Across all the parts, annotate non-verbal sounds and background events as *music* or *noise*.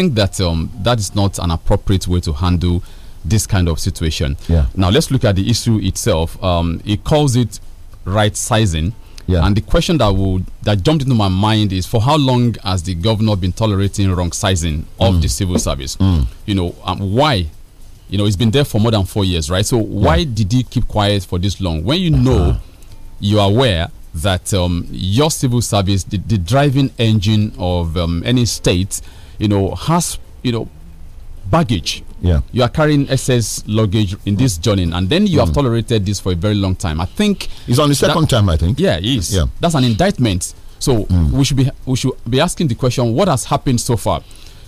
think that um, that is not an appropriate way to handle this kind of situation. Yeah. Now let's look at the issue itself. Um, it calls it right sizing. Yeah. And the question that would that jumped into my mind is for how long has the governor been tolerating wrong sizing of mm. the civil service? Mm. You know, um, why? You know, it's been there for more than four years, right? So why yeah. did he keep quiet for this long? When you know, uh -huh. you are aware that um, your civil service, the, the driving engine of um, any state, you know, has, you know, baggage. Yeah. You are carrying excess luggage in this journey, and then you mm. have tolerated this for a very long time. I think it's on the second that, time, I think. Yeah, it is. Yeah. That's an indictment. So mm. we should be we should be asking the question: What has happened so far?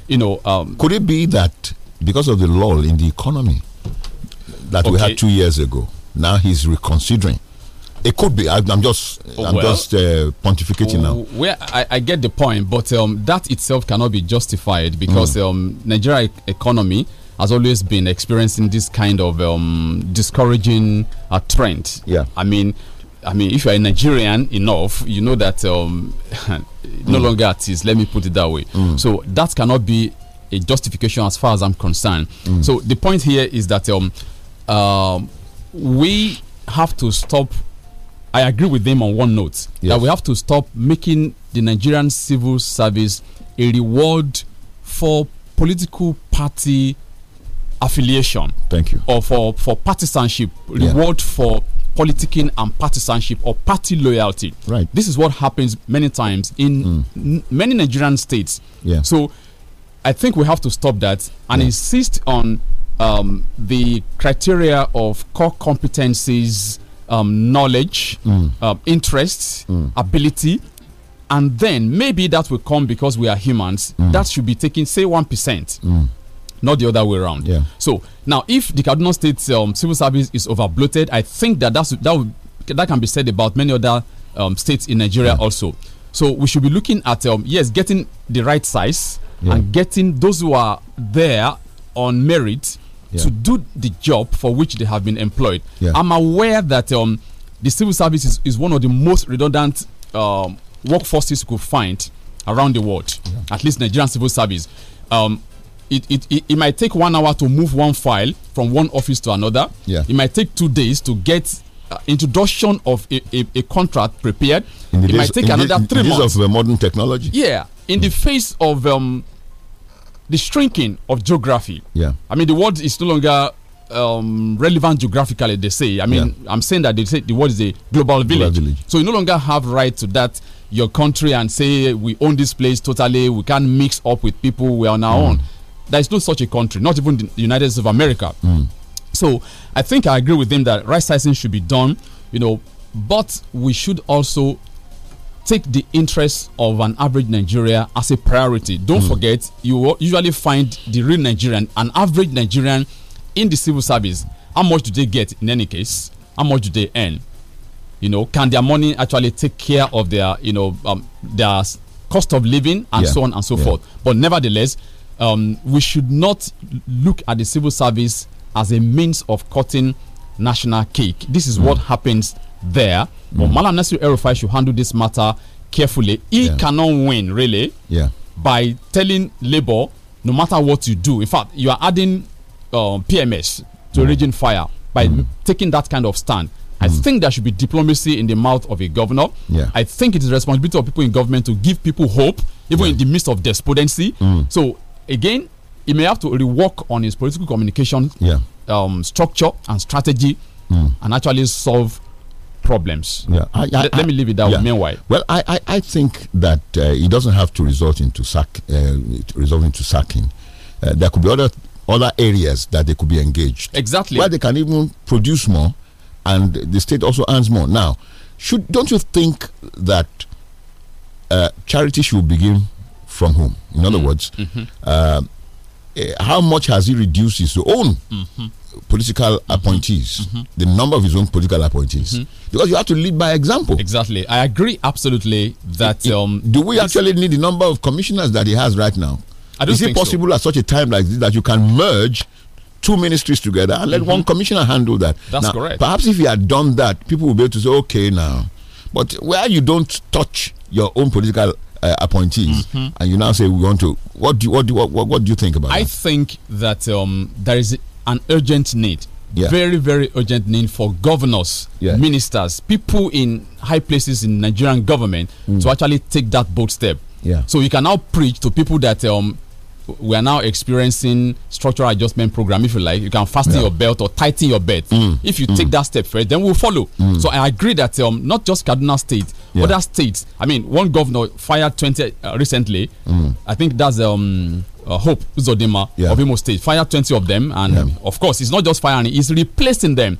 You know, um, could it be that because of the lull in the economy that okay. we had two years ago, now he's reconsidering? It could be. I, am just, I'm well, just uh, pontificating now. Where I, I, get the point, but um, that itself cannot be justified because mm. um, Nigeria economy has always been experiencing this kind of um, discouraging uh, trend. Yeah. I mean, I mean, if you're a Nigerian enough, you know that um, *laughs* no mm. longer it is. Let me put it that way. Mm. So that cannot be a justification as far as I'm concerned. Mm. So the point here is that um, uh, we have to stop I agree with them on one note yes. that we have to stop making the Nigerian civil service a reward for political party affiliation. Thank you. Or for for partisanship, reward yeah. for politicking and partisanship or party loyalty. Right. This is what happens many times in mm. many Nigerian states. Yeah. So I think we have to stop that and yeah. insist on um, the criteria of core competencies um, knowledge, mm. uh, interests, mm. ability, and then maybe that will come because we are humans. Mm. That should be taken, say, 1%. Mm. Not the other way around. Yeah. So now, if the Kaduna State um, civil service is over bloated, I think that that's, that, would, that can be said about many other um, states in Nigeria yeah. also. So we should be looking at um, yes, getting the right size yeah. and getting those who are there on merit to do the job for which they have been employed. Yeah. I'm aware that um, the civil service is, is, one of the most redundant um, workforces you could find around the world, yeah. at least Nigerian civil service. Um, it, it, it, it, might take one hour to move one file from one office to another. Yeah. It might take two days to get uh, introduction of a, a, a, contract prepared. In it days, might take another the, three months. of the modern technology. Yeah. In mm. the face of um, the shrinking of geography. Yeah. I mean, the world is no longer um, relevant geographically, they say. I mean, yeah. I'm saying that they say the world is a global village. global village. So you no longer have right to that your country and say we own this place totally. We can't mix up with people. We are on our mm. own. There is no such a country, not even the United States of America. Mm. So I think I agree with them that right sizing should be done. You know, but we should also take the interests of an average Nigeria as a priority. Don't mm. forget, you usually find the real Nigerian, an average Nigerian in the civil service. How much do they get in any case? How much do they earn? You know, can their money actually take care of their, you know, um, their cost of living and yeah. so on and so yeah. forth? But nevertheless, um, we should not look at the civil service as a means of cutting national cake. This is mm. what happens there. But mm. Malam Nasir Erufai should handle this matter carefully. He yeah. cannot win, really, yeah. by telling Labour, no matter what you do. In fact, you are adding um, PMS to mm. Raging Fire by mm. taking that kind of stand. I mm. think there should be diplomacy in the mouth of a governor. Yeah. I think it is responsibility of people in government to give people hope, even yeah. in the midst of despondency. Mm. So, again, he may have to rework on his political communication yeah. um, structure and strategy mm. and actually solve problems. Yeah, I, I, let, I, me leave it that yeah. way. Meanwhile, well, I, I, think that uh, it doesn't have to result into sack uh, resolving to sacking. Uh, there could be other other areas that they could be engaged. Exactly. Where they can even produce more, and the state also earns more. Now, should don't you think that uh, charity should begin from home? In mm other words, mm -hmm uh, how much has he reduced his own mm -hmm. political mm -hmm. appointees, mm -hmm. the number of his own political appointees? Because you have to lead by example. Exactly. I agree absolutely that. It, um, do we actually need the number of commissioners that he has right now? Is it possible so. at such a time like this that you can merge two ministries together and let mm-hmm. one commissioner handle that? That's now, correct. Perhaps if he had done that, people would be able to say, okay, now. But where you don't touch your own political uh, appointees, mm -hmm. and you now say we want to. What do you, what do you, what, what do you think about? I that? think that um, there is an urgent need. Yeah. Very, very urgent need for governors, yeah. ministers, people in high places in Nigerian government mm. to actually take that bold step. Yeah. So you can now preach to people that um, we are now experiencing structural adjustment program if you like you can fasten yeah. your belt or tighten your belt mm. if you mm. take that step first then we'll follow mm. so i agree that um, not just Cardinal state yeah. other states i mean one governor fired 20 uh, recently mm. i think that's um, uh, hope zodima yeah. of imo state fired 20 of them and yeah. of course it's not just firing it's replacing them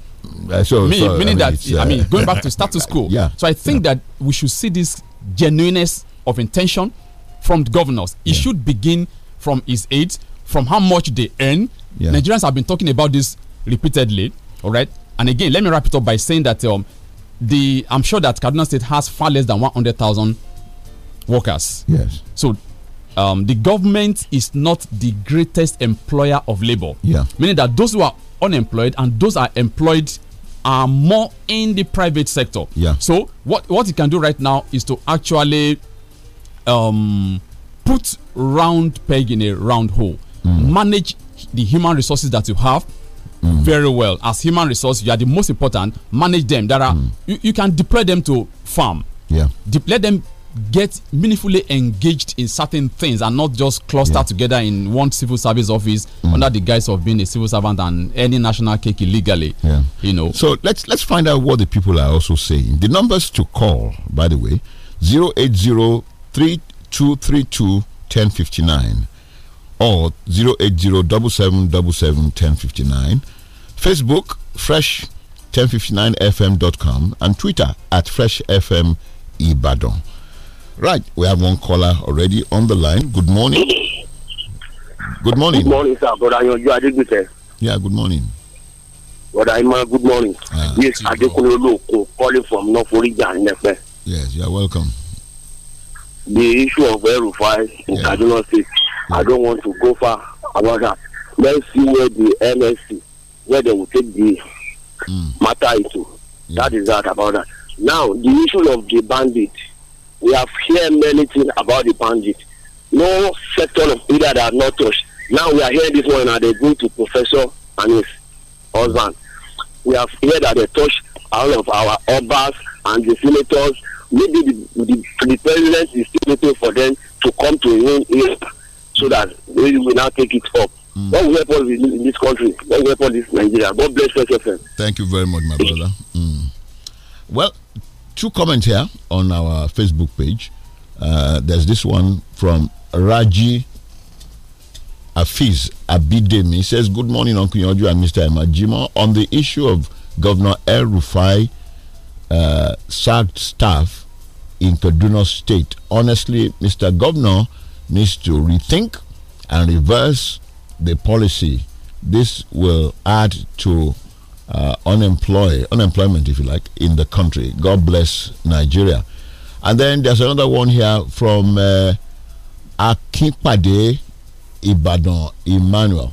uh, Me, so, meaning I mean, that uh, i mean going back *laughs* to status quo yeah. so i think that we should see this genuineness of intention from governors it should begin from his aides, from how much they earn. Yeah. Nigerians have been talking about this repeatedly. All right. And again, let me wrap it up by saying that um, the I'm sure that Kaduna State has far less than 100,000 workers. Yes. So um, the government is not the greatest employer of labor. Yeah. Meaning that those who are unemployed and those are employed are more in the private sector. Yeah. So what what it can do right now is to actually um, put round peg in a round hole. Mm. Manage the human resources that you have mm. very well. As human resource, you are the most important. Manage them. There are mm. you, you, can deploy them to farm. Yeah. De let them get meaningfully engaged in certain things and not just cluster yeah. together in one civil service office mm. under the guise of being a civil servant and any national cake illegally. Yeah. You know. So let's let's find out what the people are also saying. The numbers to call, by the way, zero eight zero three two three two. 1059 or 08077771059. Facebook, Fresh 1059fm.com and Twitter at Fresh FM Ibadan. Right, we have one caller already on the line. Good morning. Good morning. Good morning, sir. Brother, you are good, Yeah, good morning. Brother, Ima, good morning. Ah, yes, Adekunle Oloko calling from North Orija, Yes, you are welcome the issue of Erufai in yeah. Kaduna State. Yeah. I don't want to go far about that. Let's see where the NSC, where they will take the mm. matter into. Yeah. Hmm. That is that about that. Now, the issue of the bandit, we have heard many things about the bandit. No sector of India that have not touched. Now we are hearing this one and they go to Professor and his husband. We have heard that they touched all of our obas and the senators maybe the, the, the president is still waiting for them to come to a new era, so that we will now take it up. Mm. God will happen in this country. what will help in Nigeria. God bless us. Thank you very much, my brother. Mm. Well, two comments here on our Facebook page. Uh, there's this one from Raji Afiz Abidemi. He says, Good morning, Uncle Yoju and Mr. Emajima. On the issue of Governor El Rufai uh, sacked staff, in Kaduna State. Honestly, Mr. Governor needs to rethink and reverse the policy. This will add to uh, unemploy, unemployment, if you like, in the country. God bless Nigeria. And then there's another one here from uh, Akipade Ibadan Emmanuel.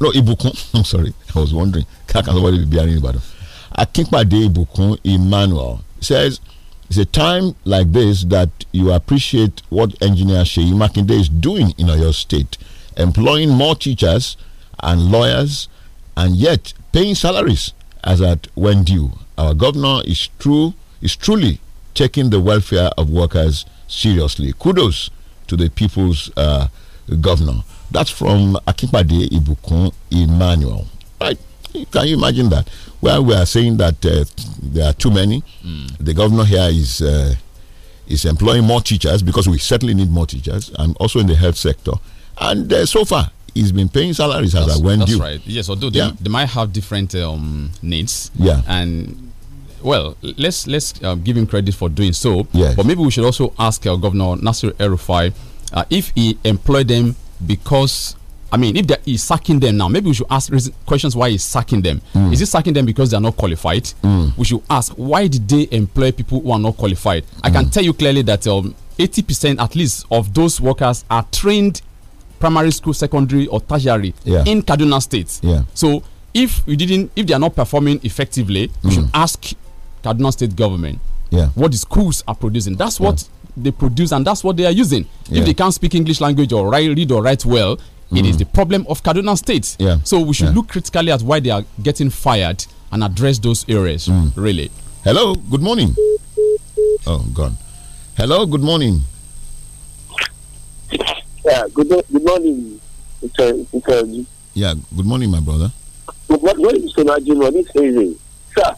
No, Ibukun. *laughs* I'm sorry. I was wondering. can somebody be Ibadan? Akipade Ibukun Emmanuel says, it's a time like this that you appreciate what engineer Sheyi Makinde is doing in your state, employing more teachers and lawyers, and yet paying salaries as at when due. Our governor is true is truly taking the welfare of workers seriously. Kudos to the people's uh, governor. That's from Akimade Ibukun Emmanuel. Right. Can you imagine that? Well, we are saying that uh, there are too many. Mm. The governor here is uh, is employing more teachers because we certainly need more teachers, and also in the health sector. And uh, so far, he's been paying salaries that's, as I went that's due. right. Yes, although yeah. they, they, might have different um, needs. Yeah. And well, let's let's uh, give him credit for doing so. Yes. But maybe we should also ask our uh, governor Nasir Erufai uh, if he employed them because I mean, if he's sacking them now, maybe we should ask questions why he's sacking them. Mm. Is he sacking them because they're not qualified? Mm. We should ask why did they employ people who are not qualified? I can mm. tell you clearly that 80% um, at least of those workers are trained primary school, secondary, or tertiary yeah. in Kaduna State. Yeah. So if we didn't, if they are not performing effectively, we should mm. ask Kaduna State government yeah. what the schools are producing. That's what yeah. they produce and that's what they are using. Yeah. If they can't speak English language or write, read or write well, it mm. is the problem of Kaduna State. Yeah. So we should yeah. look critically at why they are getting fired and address those areas, mm. really. Hello, good morning. Oh, gone. Hello, good morning. Yeah, good, good morning, Mr. Mr. Yeah, good morning, my brother. But what, what is going on this evening? Sir,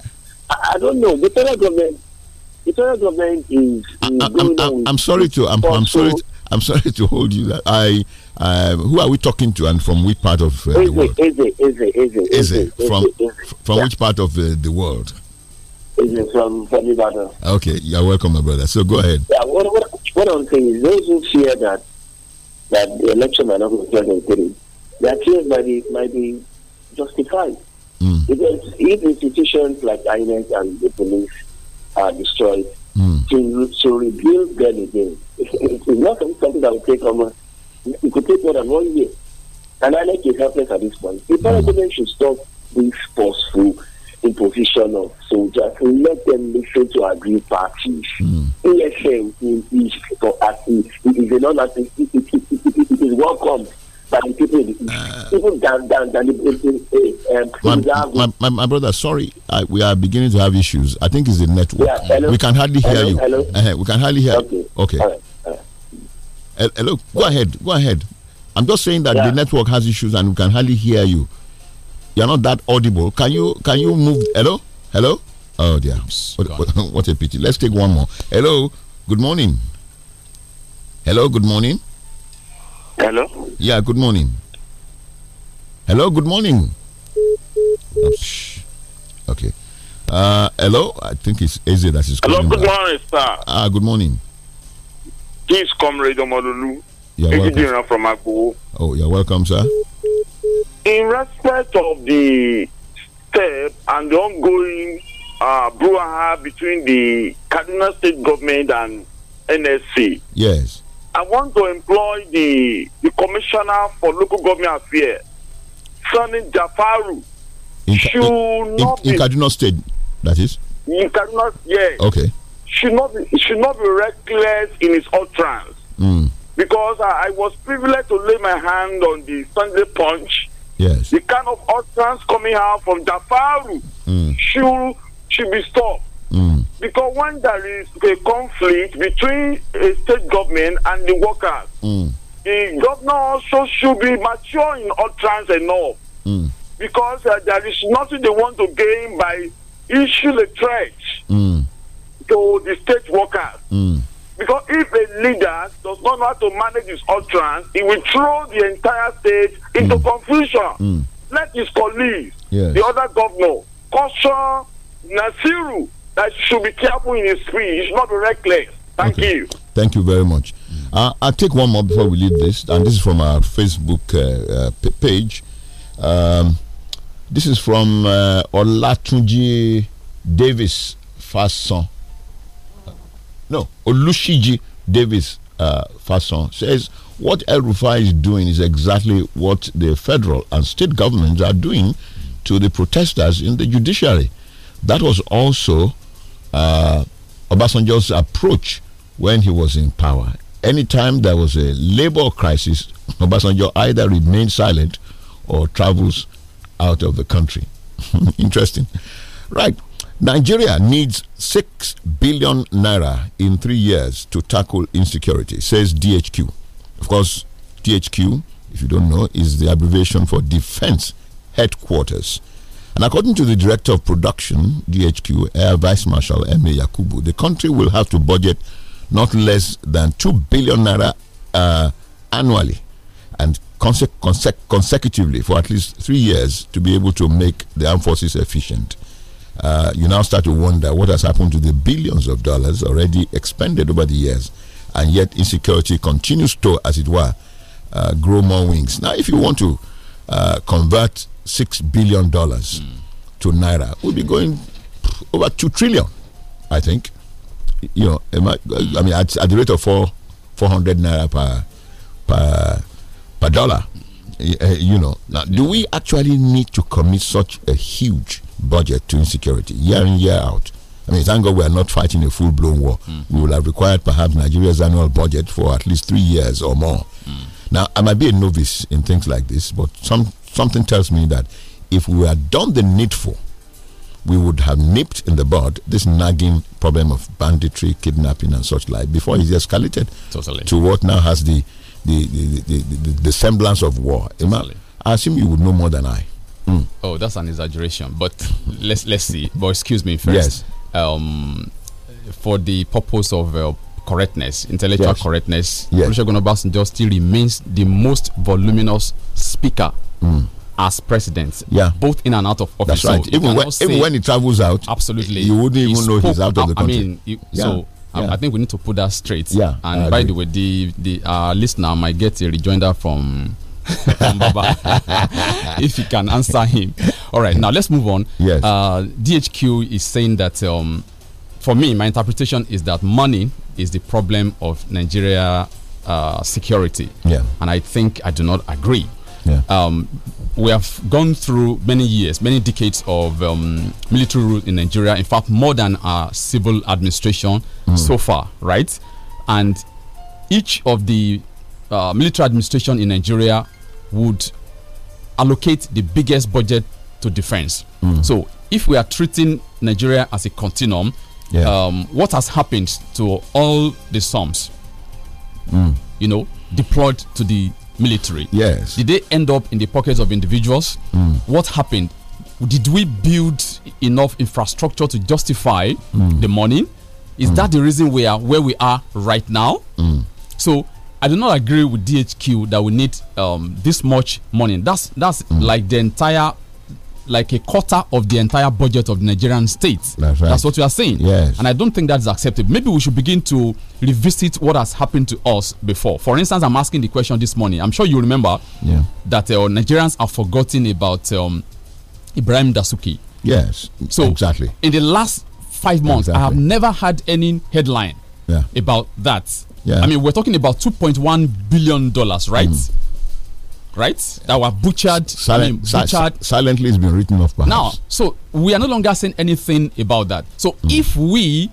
I, I, don't know. The federal government, the federal government is. is I, am sorry to. I'm, I'm sorry. To, I'm sorry to hold you. That I uh, who are we talking to and from which part of uh, the world? Eze, Eze, Eze, Eze, Eze, from, from yeah. which part of uh, the world? Eze from, from Ibadan. Okay, you're welcome, my brother. So go ahead. Yeah, what, what, what I'm saying is those who fear that that the election might not be 2023, their fears might be, might be justified. Mm. Because if institutions like INEC and the police are destroyed, mm. to, to rebuild them again, *laughs* it's not something that will take almost it could take more than one year. And I INEC is helpless at this point. The federal government should stop this forceful imposition of soldiers and let them listen to our agree parties. Mm. ESM is for active. It is a non-active. It, it, it, it, it, it is welcome. people in the uh, even my, brother, sorry, I, we are beginning to have issues. I think it's the network. Yeah, we can hardly hear hello, you. Hello. Uh -huh, we can hardly hear. Okay. You. okay. Uh, hello, go ahead, go ahead. I'm just saying that yeah. the network has issues and we can hardly hear you. You're not that audible. Can you can you move? Hello, hello. Oh dear, what, *laughs* what, a pity. Let's take one more. Hello, good morning. Hello, good morning. Hello. Yeah, good morning. Hello, good morning. Oops. Oh, okay. Uh, hello, I think it's easy that is Hello, good morning, sir. Ah, good morning. Please is Comrade Omololu, engineer from Agbo. Oh, you're welcome, sir. In respect of the step and the ongoing uh, brouhaha between the Cardinal State Government and NSC. Yes. I want to employ the, the Commissioner for Local Government Affairs, Sonny Jafaru. In, should in, not in, in Kaduna State, that is? In Kaduna, yes. Okay should not be, should not be reckless in his utterance. Mm. Because I, I, was privileged to lay my hand on the Sunday Punch. Yes. The kind of utterance coming out from Dafaru mm. should should be stopped. Mm. Because when there is a conflict between a state government and the workers, mm. the governor also should be mature in utterance enough. Mm. Because uh, there is nothing they want to gain by issuing a threat. Mm to the state workers. Mm. Because if a leader does not know how to manage his utterance, he will throw the entire state into mm. confusion. Mm. Let his colleagues, yes. the other governor, caution Nasiru that he should be careful in his speech, he should not be reckless. Thank okay. you. Thank you very much. Uh, I'll take one more before we leave this, and this is from our Facebook uh, uh, page. Um, this is from uh, Olatunji Davis Fasson. No, Olushiji Davis uh, Fason says what El Rufai is doing is exactly what the federal and state governments are doing to the protesters in the judiciary. That was also uh, Obasanjo's approach when he was in power. Anytime there was a labor crisis, Obasanjo either remained silent or travels out of the country. *laughs* Interesting. Right. Nigeria needs 6 billion naira in three years to tackle insecurity, says DHQ. Of course, DHQ, if you don't know, is the abbreviation for Defense Headquarters. And according to the Director of Production, DHQ, Air Vice Marshal M.A. Yakubu, the country will have to budget not less than 2 billion naira uh, annually and consecutively for at least three years to be able to make the armed forces efficient. Uh, you now start to wonder what has happened to the billions of dollars already expended over the years, and yet insecurity continues to, as it were, uh, grow more wings. Now, if you want to uh, convert six billion dollars mm. to naira, we'll be going over two trillion, I think. You know, I, mean, at, at the rate of four four hundred naira per per per dollar. Uh, you know, now do we actually need to commit such a huge budget to insecurity year in, year out. I mean, thank God we are not fighting a full blown war. Mm. We will have required perhaps Nigeria's annual budget for at least three years or more. Mm. Now, I might be a novice in things like this, but some something tells me that if we had done the needful, we would have nipped in the bud this nagging problem of banditry, kidnapping, and such like before it escalated totally. to what now has the the, the, the, the, the semblance of war. Totally. I assume you would know more than I. Mm. Oh, that's an exaggeration, but let's let's see. But excuse me first. Yes. Um, for the purpose of uh, correctness, intellectual yes. correctness, yes. Olusegun Obasanjo still remains the most voluminous speaker. Mm as president, yeah. both in and out of office. That's right. So even, when, even when he travels out, absolutely, you wouldn't even he know he's out of the country. I mean, yeah. so yeah. I, I, think we need to put that straight. Yeah. And by the way, the the uh, listener might get a rejoinder from *laughs* if you can answer him. All right, now let's move on. Yes. Uh, DHQ is saying that um, for me, my interpretation is that money is the problem of Nigeria uh, security. Yeah. And I think I do not agree. Yeah. Um, we have gone through many years, many decades of um, military rule in Nigeria. In fact, more than our civil administration mm. so far, right? And each of the uh, military administration in Nigeria would allocate the biggest budget to defense. Mm. So if we are treating Nigeria as a continuum, yeah. um, what has happened to all the sums, mm. you know, deployed to the military? Yes. Did they end up in the pockets of individuals? Mm. What happened? Did we build enough infrastructure to justify mm. the money? Is mm. that the reason we are where we are right now? Mm. So I do not agree with DHQ that we need um, this much money. That's that's mm. like the entire like a quarter of the entire budget of the Nigerian state. That's, right. that's what we are saying. Yes. And I don't think that's acceptable. Maybe we should begin to revisit what has happened to us before. For instance, I'm asking the question this morning. I'm sure you remember yeah. that uh, Nigerians are forgotten about um, Ibrahim Dasuki. Yes. So exactly. In the last five months, exactly. I have never had any headline yeah. about that. Yeah. I mean, we're talking about 2.1 billion dollars, right? Mm. Right, that were butchered. Silent, I mean, butchered. silently, it's been written off. Perhaps. Now, so we are no longer saying anything about that. So, mm. if we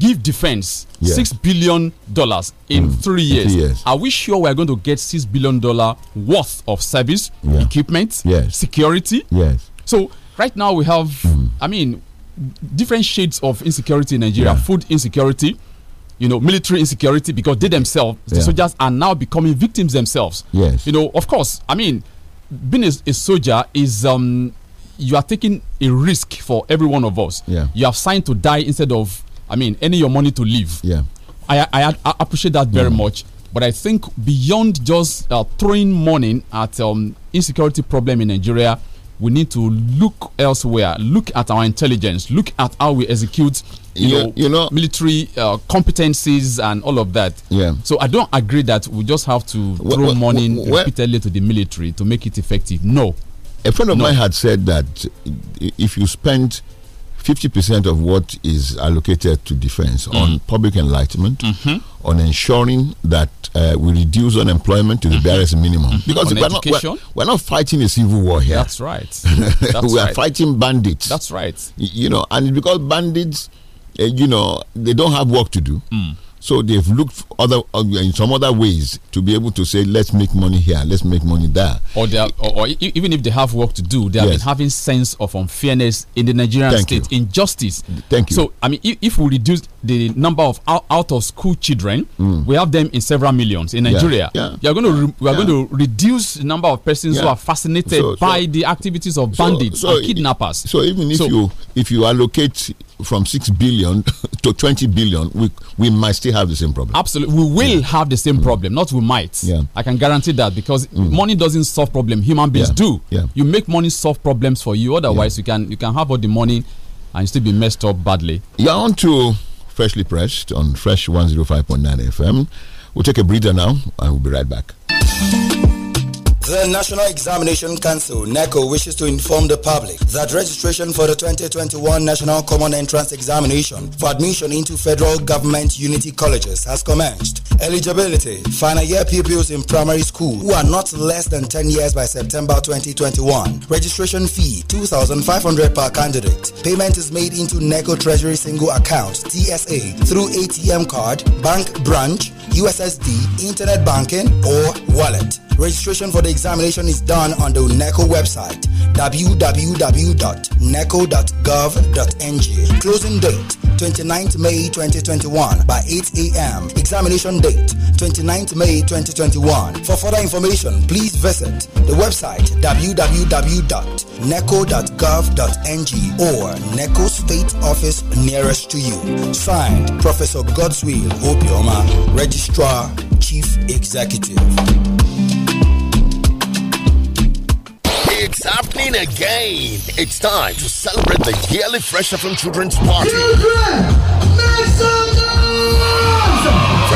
give defense six billion dollars in mm. three, years. three, years. Are we sure we are going to get six billion dollar worth of service, yeah. equipment, yes. security? Yes. So right now we have, mm. I mean, different shades of insecurity in Nigeria: yeah. food insecurity, you know, military insecurity because they themselves, yeah. the soldiers, are now becoming victims themselves. Yes. You know, of course, I mean, being a, a soldier is um, you are taking a risk for every one of us. Yeah. You have signed to die instead of, I mean, earning your money to live. Yeah. I, I, I appreciate that very much. But I think beyond just uh, throwing money at um, insecurity problem in Nigeria, we need to look elsewhere, look at our intelligence, look at how we execute you, know, you know military uh, competencies and all of that. Yeah. So I don't agree that we just have to throw well, money well, repeatedly to the military to make it effective. No. A friend of no. mine had said that if you spend 50% of what is allocated to defense mm. on public enlightenment, mm -hmm. on ensuring that uh, we reduce unemployment to the mm-hmm. barest mm -hmm. minimum. -hmm. Because we're not, we're, we're, not fighting a civil war here. That's right. *laughs* That's we are right. fighting bandits. That's right. You know, and because bandits uh, you know, they don't have work to do. Mm. So they've looked other uh, in some other ways to be able to say, let's make money here, let's make money there. Or they are, or, or even if they have work to do, they have yes. been having sense of unfairness in the Nigerian Thank state, you. injustice. Thank you. So I mean, if, if we reduce the number of out, out of school children, mm. we have them in several millions in Nigeria. Yeah. yeah. You're going to we are yeah. going to reduce the number of persons yeah. who are fascinated so, by so, the activities of bandits so, and kidnappers. So even if you if you allocate from 6 billion *laughs* to 20 billion, we, we might still have the same problem. Absolutely. We will yeah. have the same mm. problem, not we might. Yeah. I can guarantee that because mm. money doesn't solve problems. Human beings yeah. do. Yeah. You make money solve problems for you. Otherwise, yeah. you can you can have all the money and still be messed up badly. You're on to Freshly Pressed on Fresh 105.9 FM. We'll take a breather now and we'll be right back. The National Examination Council, NECO, wishes to inform the public that registration for the 2021 National Common Entrance Examination for admission into federal government unity colleges has commenced. Eligibility. Final year pupils in primary school who are not less than 10 years by September 2021. Registration fee 2500 per candidate. Payment is made into NECO Treasury Single Account, TSA, through ATM card, bank branch, USSD, internet banking, or wallet. Registration for the examination is done on the NECO website www.neco.gov.ng. Closing date 29th May 2021 by 8 a.m. Examination date 29th May 2021. For further information, please visit the website www.neco.gov.ng or NECO State Office nearest to you. Signed, Professor Godswill Opioma, Registrar, Chief Executive. It's happening again. It's time to celebrate the yearly Fresh Up from Children's Party. Children, make some noise!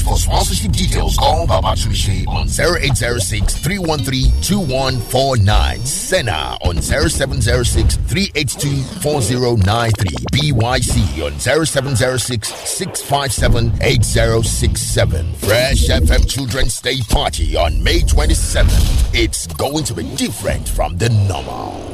for sponsorship details. Call Baba on 0806 313 Sena Senna on 0706 BYC on 0706 657 Fresh FM Children's Day Party on May 27th. It's going to be different from the normal.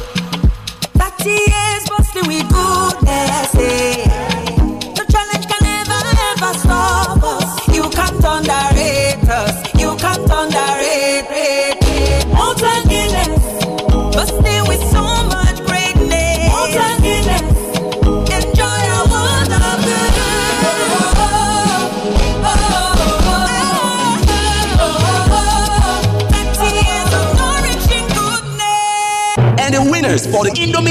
tears busting with goodness. No challenge can ever, ever stop us. You can't underrate us. You can't underrate. Mountain but still with so much greatness. Mountain enjoy a world of The winners for the Indomie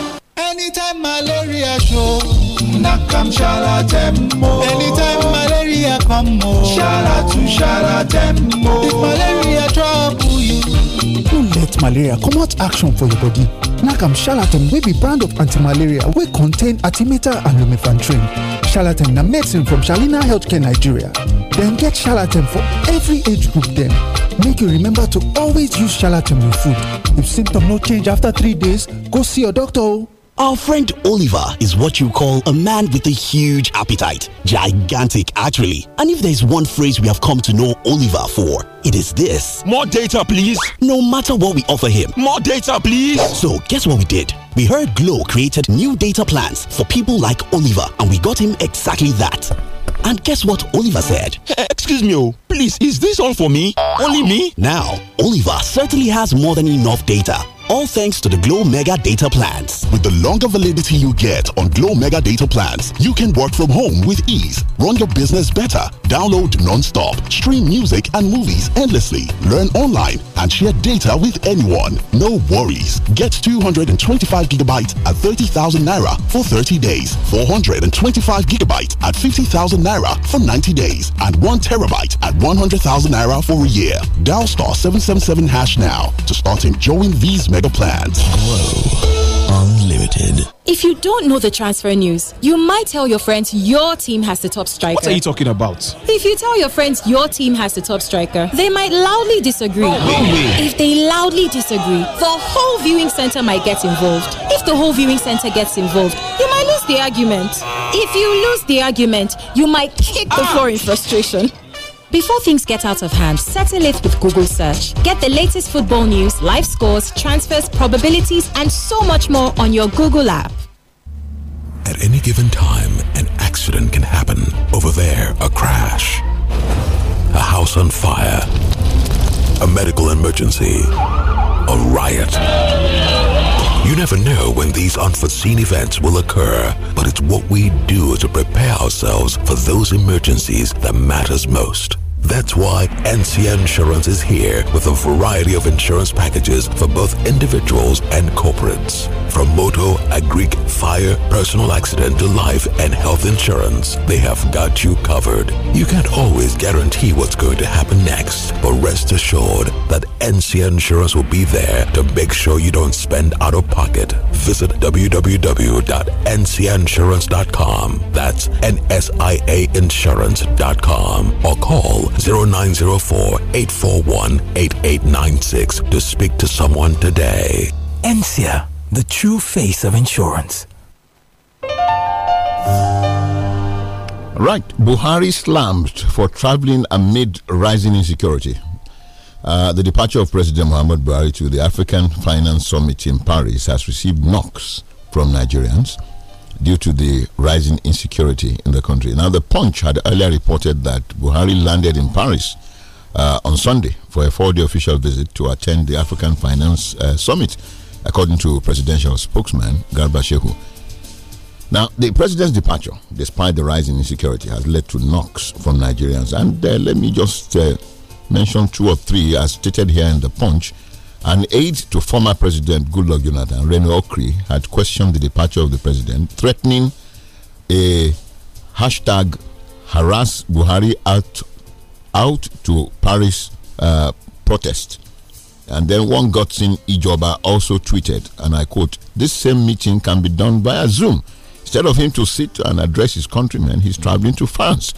Anytime malaria show, Nakam am shalatemmo. Oh. Anytime malaria come, shalatu oh. shalatemmo. Oh. If malaria trouble you, no let malaria comot action for your body. Nakam am shalatem wey be brand of anti-malaria wey contain artimata and lumefantrine. Charlatan na medicine from Shalina Healthcare Nigeria. Dem get Charlatan for every age group dem. Make you remember to always use Charlatan with food. If symptoms no change after three days, go see your doctor o. Our friend Oliver is what you call a man with a huge appetite. Gigantic, actually. And if there's one phrase we have come to know Oliver for, it is this. More data, please. No matter what we offer him. More data, please. So, guess what we did? We heard Glow created new data plans for people like Oliver, and we got him exactly that. And guess what Oliver said? Eh, eh, excuse me, oh. please, is this all for me? Only me? Now, Oliver certainly has more than enough data all thanks to the Glow Mega Data Plans. With the longer validity you get on Glow Mega Data Plans, you can work from home with ease, run your business better, download non-stop, stream music and movies endlessly, learn online, and share data with anyone. No worries. Get 225 gigabytes at 30,000 naira for 30 days, 425 gigabytes at 50,000 naira for 90 days, and 1 terabyte at 100,000 naira for a year. Dial star 777 hash now to start enjoying these mega plans. Unlimited. If you don't know the transfer news, you might tell your friends your team has the top striker. What are you talking about? If you tell your friends your team has the top striker, they might loudly disagree. Oh, if they loudly disagree, the whole viewing center might get involved. If the whole viewing center gets involved, you might lose the argument. If you lose the argument, you might kick the ah! floor in frustration. Before things get out of hand, settle it with Google Search. Get the latest football news, live scores, transfers, probabilities, and so much more on your Google app. At any given time, an accident can happen. Over there, a crash house on fire, a medical emergency, a riot. You never know when these unforeseen events will occur, but it's what we do to prepare ourselves for those emergencies that matters most. That's why NC Insurance is here with a variety of insurance packages for both individuals and corporates. From moto, agric, fire, personal accident to life and health insurance, they have got you covered. You can't always guarantee what's going to happen next, but rest assured that NC Insurance will be there to make sure you don't spend out of pocket. Visit www.ncinsurance.com. That's NSIA insurance.com or call 0904 841 8896 to speak to someone today. NCA the true face of insurance. Right, Buhari slammed for traveling amid rising insecurity. Uh, the departure of President Muhammad Buhari to the African Finance Summit in Paris has received knocks from Nigerians due to the rising insecurity in the country. Now, the Punch had earlier reported that Buhari landed in Paris uh, on Sunday for a four day official visit to attend the African Finance uh, Summit according to presidential spokesman Garba Shehu. Now, the president's departure, despite the rise in insecurity, has led to knocks from Nigerians. And uh, let me just uh, mention two or three, as stated here in the punch. An aide to former President Goodluck Jonathan, Reno Okri, had questioned the departure of the president, threatening a hashtag harass Buhari out, out to Paris uh, protest. And then one Gotsin Ijoba also tweeted, and I quote, This same meeting can be done via Zoom. Instead of him to sit and address his countrymen, he's traveling to France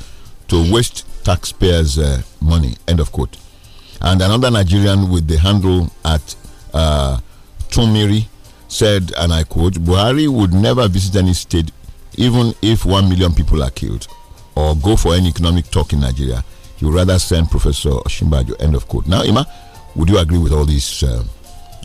to waste taxpayers' uh, money. End of quote. And another Nigerian with the handle at uh, Tumiri said, and I quote, Buhari would never visit any state even if one million people are killed or go for any economic talk in Nigeria. He would rather send Professor Shimbajo. End of quote. Now, Ima, would you agree with all these uh,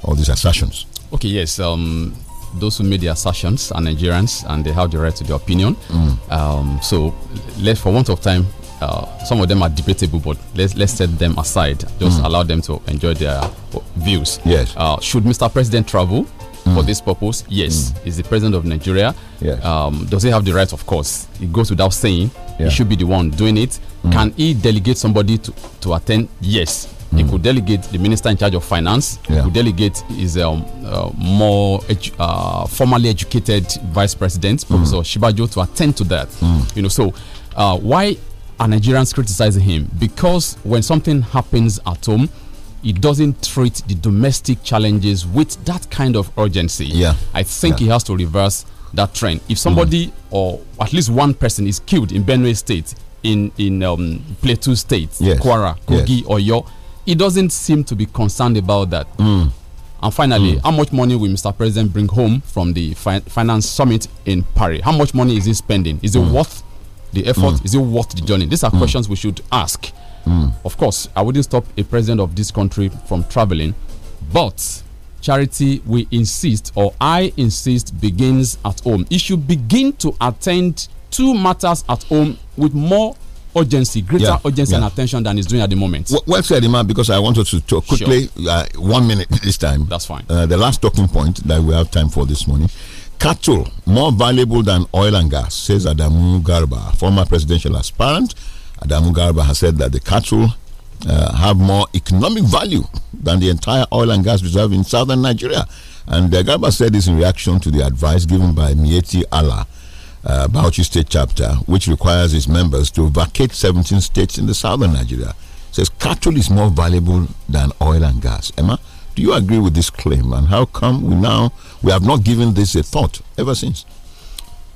all these assertions? Okay, yes. Um, those who made the assertions are Nigerians, and they have the right to their opinion. Mm. Um, so, let for want of time, uh, some of them are debatable, but let's let's set them aside. Just mm. allow them to enjoy their uh, views. Yes. Uh, should Mr. President travel mm. for this purpose? Yes. Mm. Is the president of Nigeria? Yes. Um, does he have the right? Of course. It goes without saying. Yeah. He should be the one doing it. Mm. Can he delegate somebody to to attend? Yes. Mm. He could delegate the minister in charge of finance. Yeah. He could delegate his um, uh, more edu uh, formally educated vice president, mm. Professor mm. Shibajo, to attend to that. Mm. You know, so uh, why are Nigerians criticizing him? Because when something happens at home, he doesn't treat the domestic challenges with that kind of urgency. Yeah. I think yeah. he has to reverse that trend. If somebody mm. or at least one person is killed in Benue State, in in um, Plateau State, yes. Kwara, Kogi, yes. Oyo, he doesn't seem to be concerned about that. Mm. And finally, mm. how much money will Mr. President bring home from the fi finance summit in Paris? How much money is he spending? Is it mm. worth the effort? Hmm. Is it worth the journey? These are hmm. questions we should ask. Hmm. Of course, I wouldn't stop a president of this country from traveling, but charity we insist or I insist begins at home. It should begin to attend to matters at home with more urgency, greater yeah, urgency yeah. and attention than he's doing at the moment. Well, well said, Imam, because I wanted to talk quickly, sure. uh, one minute this time. That's fine. Uh, the last talking point that we have time for this morning. Cattle more valuable than oil and gas, says Adamu Garba, former presidential aspirant. Adamu Garba has said that the cattle uh, have more economic value than the entire oil and gas reserve in southern Nigeria. And uh, Garba said this in reaction to the advice given by Mieti Allah uh, Bauchi State chapter, which requires its members to vacate 17 states in the southern Nigeria, says cattle is more valuable than oil and gas. Emma, do you agree with this claim? And how come we now we have not given this a thought ever since?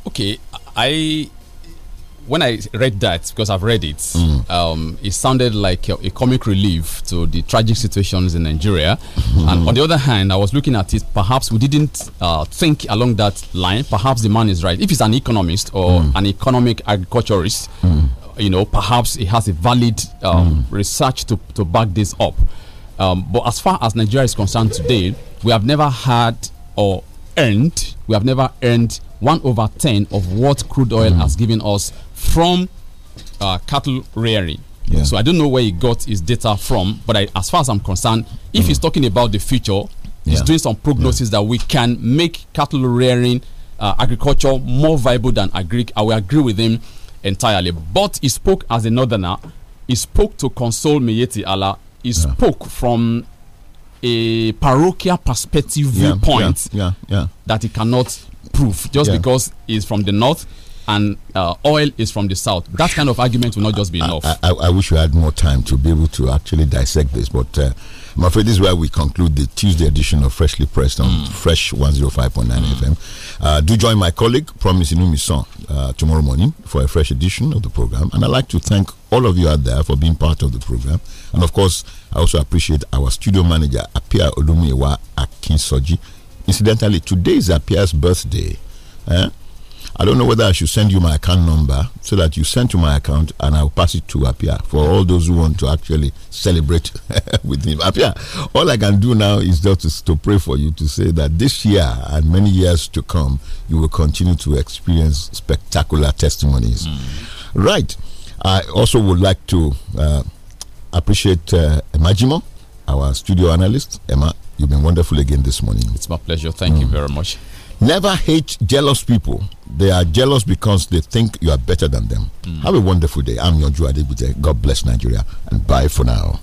Okay, I when I read that, because I've read it, mm. um, it sounded like a, a, comic relief to the tragic situations in Nigeria. Mm. And on the other hand, I was looking at it, perhaps we didn't uh, think along that line. Perhaps the man is right. If he's an economist or mm. an economic agriculturist, mm. you know, perhaps he has a valid um, mm. research to, to back this up. Um, but as far as Nigeria is concerned today, we have never had or earned, we have never earned 1 over 10 of what crude oil mm. has given us from uh, cattle rearing. Yeah. So I don't know where he got his data from, but I, as far as I'm concerned, if mm. he's talking about the future, he's doing some prognosis yeah. that we can make cattle rearing uh, agriculture more viable than agri. I will agree with him entirely. But he spoke as a northerner. He spoke to console Mieti Allah. He spoke from a parochial perspective viewpoint that he cannot proof just yeah. because he's from the north and uh, oil is from the south. That kind of argument will not just be enough. I, I, I wish we had more time to be able to actually dissect this, but uh, I'm afraid this is where we conclude the Tuesday edition of Freshly Pressed on mm. Fresh 105.9 mm. FM. Uh, do join my colleague, Promise Inumi Son, uh, tomorrow morning for a fresh edition of the program. And I'd like to thank all of you out there for being part of the program. And of course, I also appreciate our studio manager, Apia Olumiyewa Akinsoji Incidentally, today is Apia's birthday. Eh? I don't know whether I should send you my account number so that you send to my account and I'll pass it to Apia for all those who want to actually celebrate *laughs* with him. Apia, all I can do now is just to, to pray for you to say that this year and many years to come, you will continue to experience spectacular testimonies. Mm. Right. I also would like to uh, appreciate uh, Emajimo, our studio analyst. Emma, You've been wonderful again this morning. It's my pleasure. Thank mm. you very much. Never hate jealous people. They are jealous because they think you are better than them. Mm. Have a wonderful day. I'm your Adibute. God bless Nigeria and bye for now.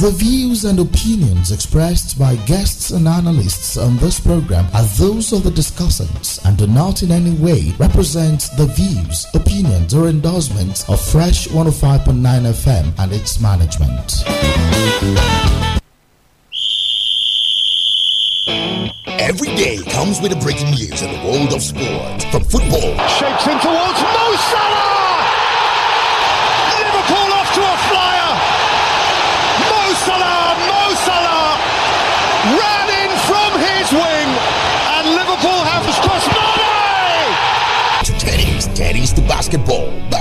The views and opinions expressed by guests and analysts on this program are those of the discussants and do not in any way represent the views, opinions, or endorsements of Fresh 105.9 FM and its management. Every day comes with a breaking news in the world of sport, From football, shapes in towards Mo Salah! ran in from his wing, and Liverpool have crossed Mane! Teddy's, Teddy's the basketball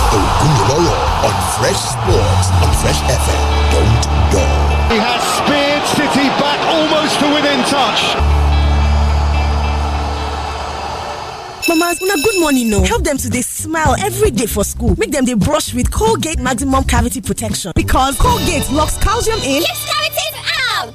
on Fresh Sports on Fresh FM. Don't go. He has speared City back almost to within touch. Mamas, una good morning, no. Help them to they smile every day for school. Make them they brush with Colgate Maximum Cavity Protection because Colgate locks calcium in. Keeps cavities out.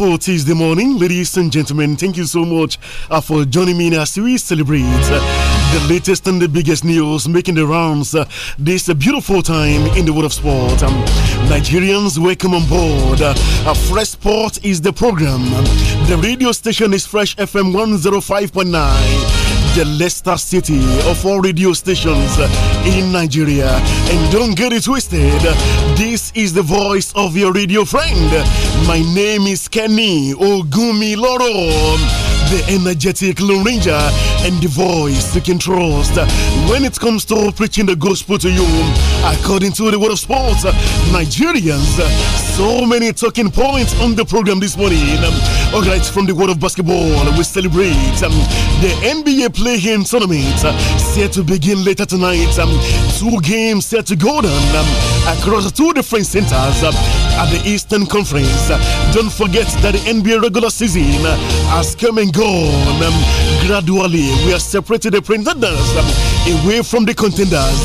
wonderful Tuesday morning, ladies and gentlemen. Thank you so much uh, for joining me as we Celebrate. Uh, the latest and the biggest news making the rounds uh, this beautiful time in the world of sport. Um, Nigerians, welcome on board. Uh, Fresh Sport is the program. The radio station is Fresh FM 105.9 the Leicester City of all radio stations in Nigeria. And don't get it twisted, this is the voice of your radio friend. My name is Kenny Ogumiloro the energetic Lone Ranger and the voice you can trust when it comes to preaching the gospel to you. According to the world of sports, Nigerians, so many talking points on the program this morning. All right, from the world of basketball, we celebrate um, the NBA play-in tournament set to begin later tonight. Um, two games set to go down um, across two different centers at the Eastern Conference. Don't forget that the NBA regular season has come and gone. Um, gradually, we are separating the pretenders um, away from the contenders.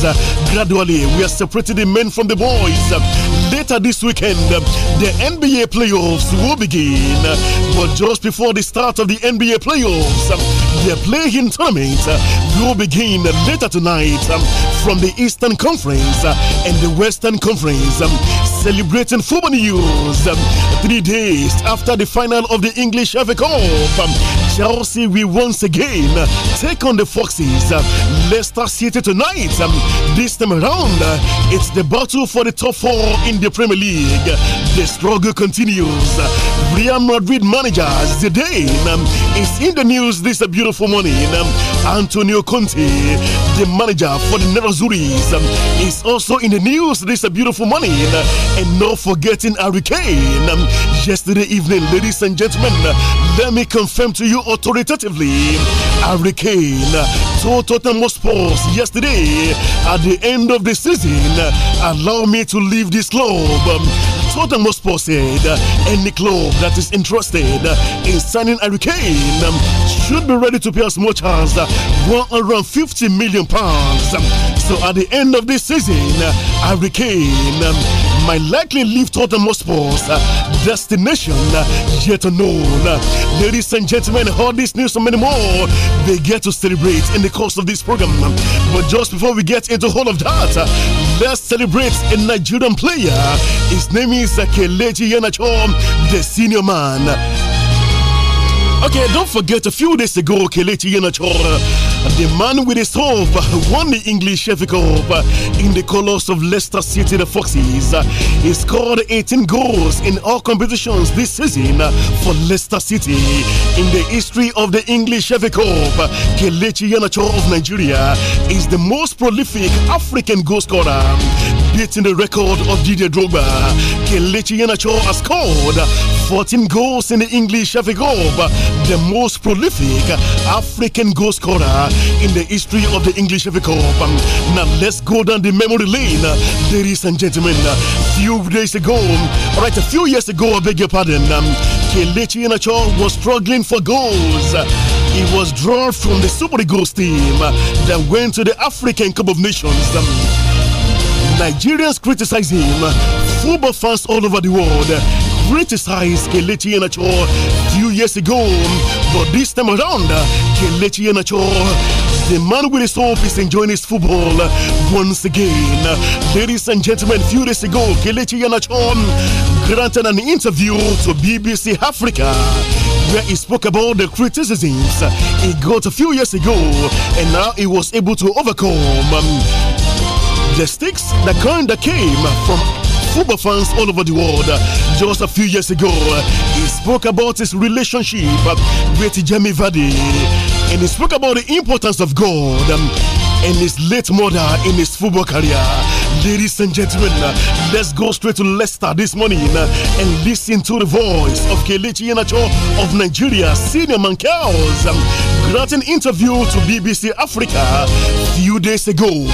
gradually, we are separating the men from the boys. Um, later this weekend, the NBA playoffs will begin. But just before the start of the NBA playoffs, their playing tournament will begin later tonight um, from the Eastern Conference uh, and the Western Conference, um, celebrating football news um, three days after the final of the English FA Cup. Chelsea will once again take on the Foxes. Leicester City tonight. This time around, uh, it's the battle for the top four in the Premier League. The struggle continues. Real Madrid manager Zidane is in the news this beautiful Beautiful morning. Um, Antonio Conte, the manager for the Nerazzurris, um, is also in the news this beautiful morning. and not forgetting Hurricane. Um, yesterday evening, ladies and gentlemen, let me confirm to you authoritatively Hurricane to Tottenham Sports yesterday at the end of the season. Allow me to leave this club. Um, Tottenham was posted. Any club that is interested uh, in signing Hurricane um, should be ready to pay as much as uh, 150 million pounds. Um, so at the end of this season, Hurricane uh, um, might likely leave Tottenham Hotspur's destination yet unknown. Ladies and gentlemen, all this news and many more they get to celebrate in the course of this program. But just before we get into all of that, Let's celebrate a Nigerian player. His name is Keleji Yenachom, the senior man. Okay, don't forget a few days ago, Kelechi Yenachor, uh, the man with his hope, uh, won the English FA Cup uh, in the colours of Leicester City, the Foxes. He scored 18 goals in all competitions this season for Leicester City. In the history of the English FA Cup, Kelechi Yenachor of Nigeria is the most prolific African goalscorer updating the record of Didier Drogba. Kelechi Iheanacho has scored 14 goals in the English FA Cup, the most prolific African goal scorer in the history of the English FA Cup. Now let's go down the memory lane, ladies and gentlemen. A few days ago, all right, a few years ago, I beg your pardon, um, Kelechi Iheanacho was struggling for goals. He was drawn from the Super Eagles team that went to the African Cup of Nations. Um. Nigerians criticize him. Football fans all over the world criticized Kelechi a few years ago, but this time around, Kelechi Iheanacho the man with his hope is enjoying his football once again. Ladies and gentlemen, a few days ago, Kelechi Iheanacho granted an interview to BBC Africa where he spoke about the criticisms he got a few years ago and now he was able to overcome sticks, the kind that came from football fans all over the world. Just a few years ago, he spoke about his relationship with Jamie Vardy, and he spoke about the importance of God and his late mother in his football career. Ladies and gentlemen, let's go straight to Leicester this morning and listen to the voice of Kelechi Iheanacho of Nigeria, senior Mancals, granting interview to BBC Africa few days ago.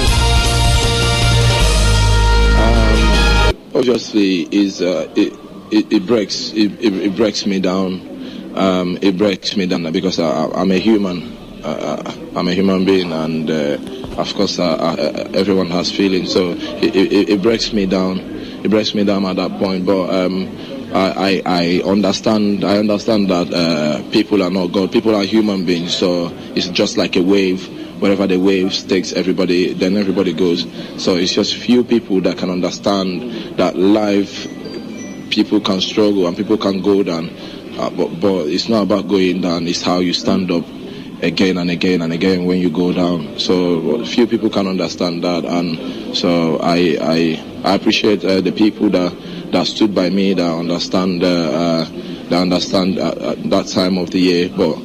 obviously is uh, it, it, it, breaks it, it, it breaks me down. Um, it breaks me down because I, am a human. Uh, I'm a human being, and uh, of course, uh, uh, uh, everyone has feelings. So it, it, it, breaks me down. It breaks me down at that point. But um, I, I, I, understand. I understand that people are not God. People are human beings. So it's just like a wave wherever the waves takes everybody, then everybody goes. So it's just few people that can understand that life, people can struggle and people can go down. Uh, but, but it's not about going down, it's how you stand up again and again and again when you go down. So few people can understand that, and so I I, I appreciate uh, the people that that stood by me that understand. Uh, uh, I understand at, at that time of the year. But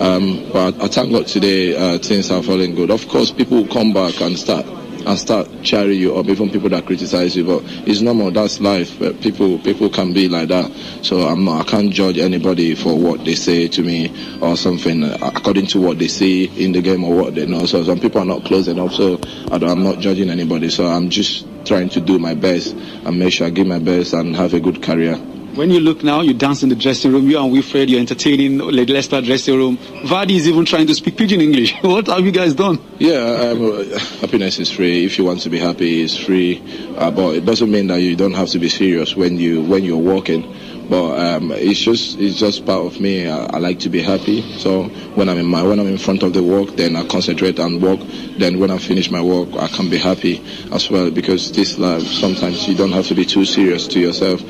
um, but I thank God today uh, things are falling good. Of course, people will come back and start and start cheering you up, even people that criticize you. But it's normal. That's life. Uh, people people can be like that. So I'm not, I can't judge anybody for what they say to me or something uh, according to what they see in the game or what they know. So some people are not close enough. So I am not judging anybody. So I'm just trying to do my best and make sure I give my best and have a good career. When you look now, you dance in the dressing room, you and Wilfred, you're entertaining Lady Leicester dressing room. Vardy is even trying to speak pidgin English. *laughs* what have you guys done? Yeah, um, happiness is free. If you want to be happy, it's free. Uh, but it doesn't mean that you don't have to be serious when, you, when you're walking. But um, it's just it's just part of me. I, I, like to be happy. So when I'm in my when I'm in front of the work, then I concentrate and work. Then when I finish my work, I can be happy as well because this life sometimes you don't have to be too serious to yourself.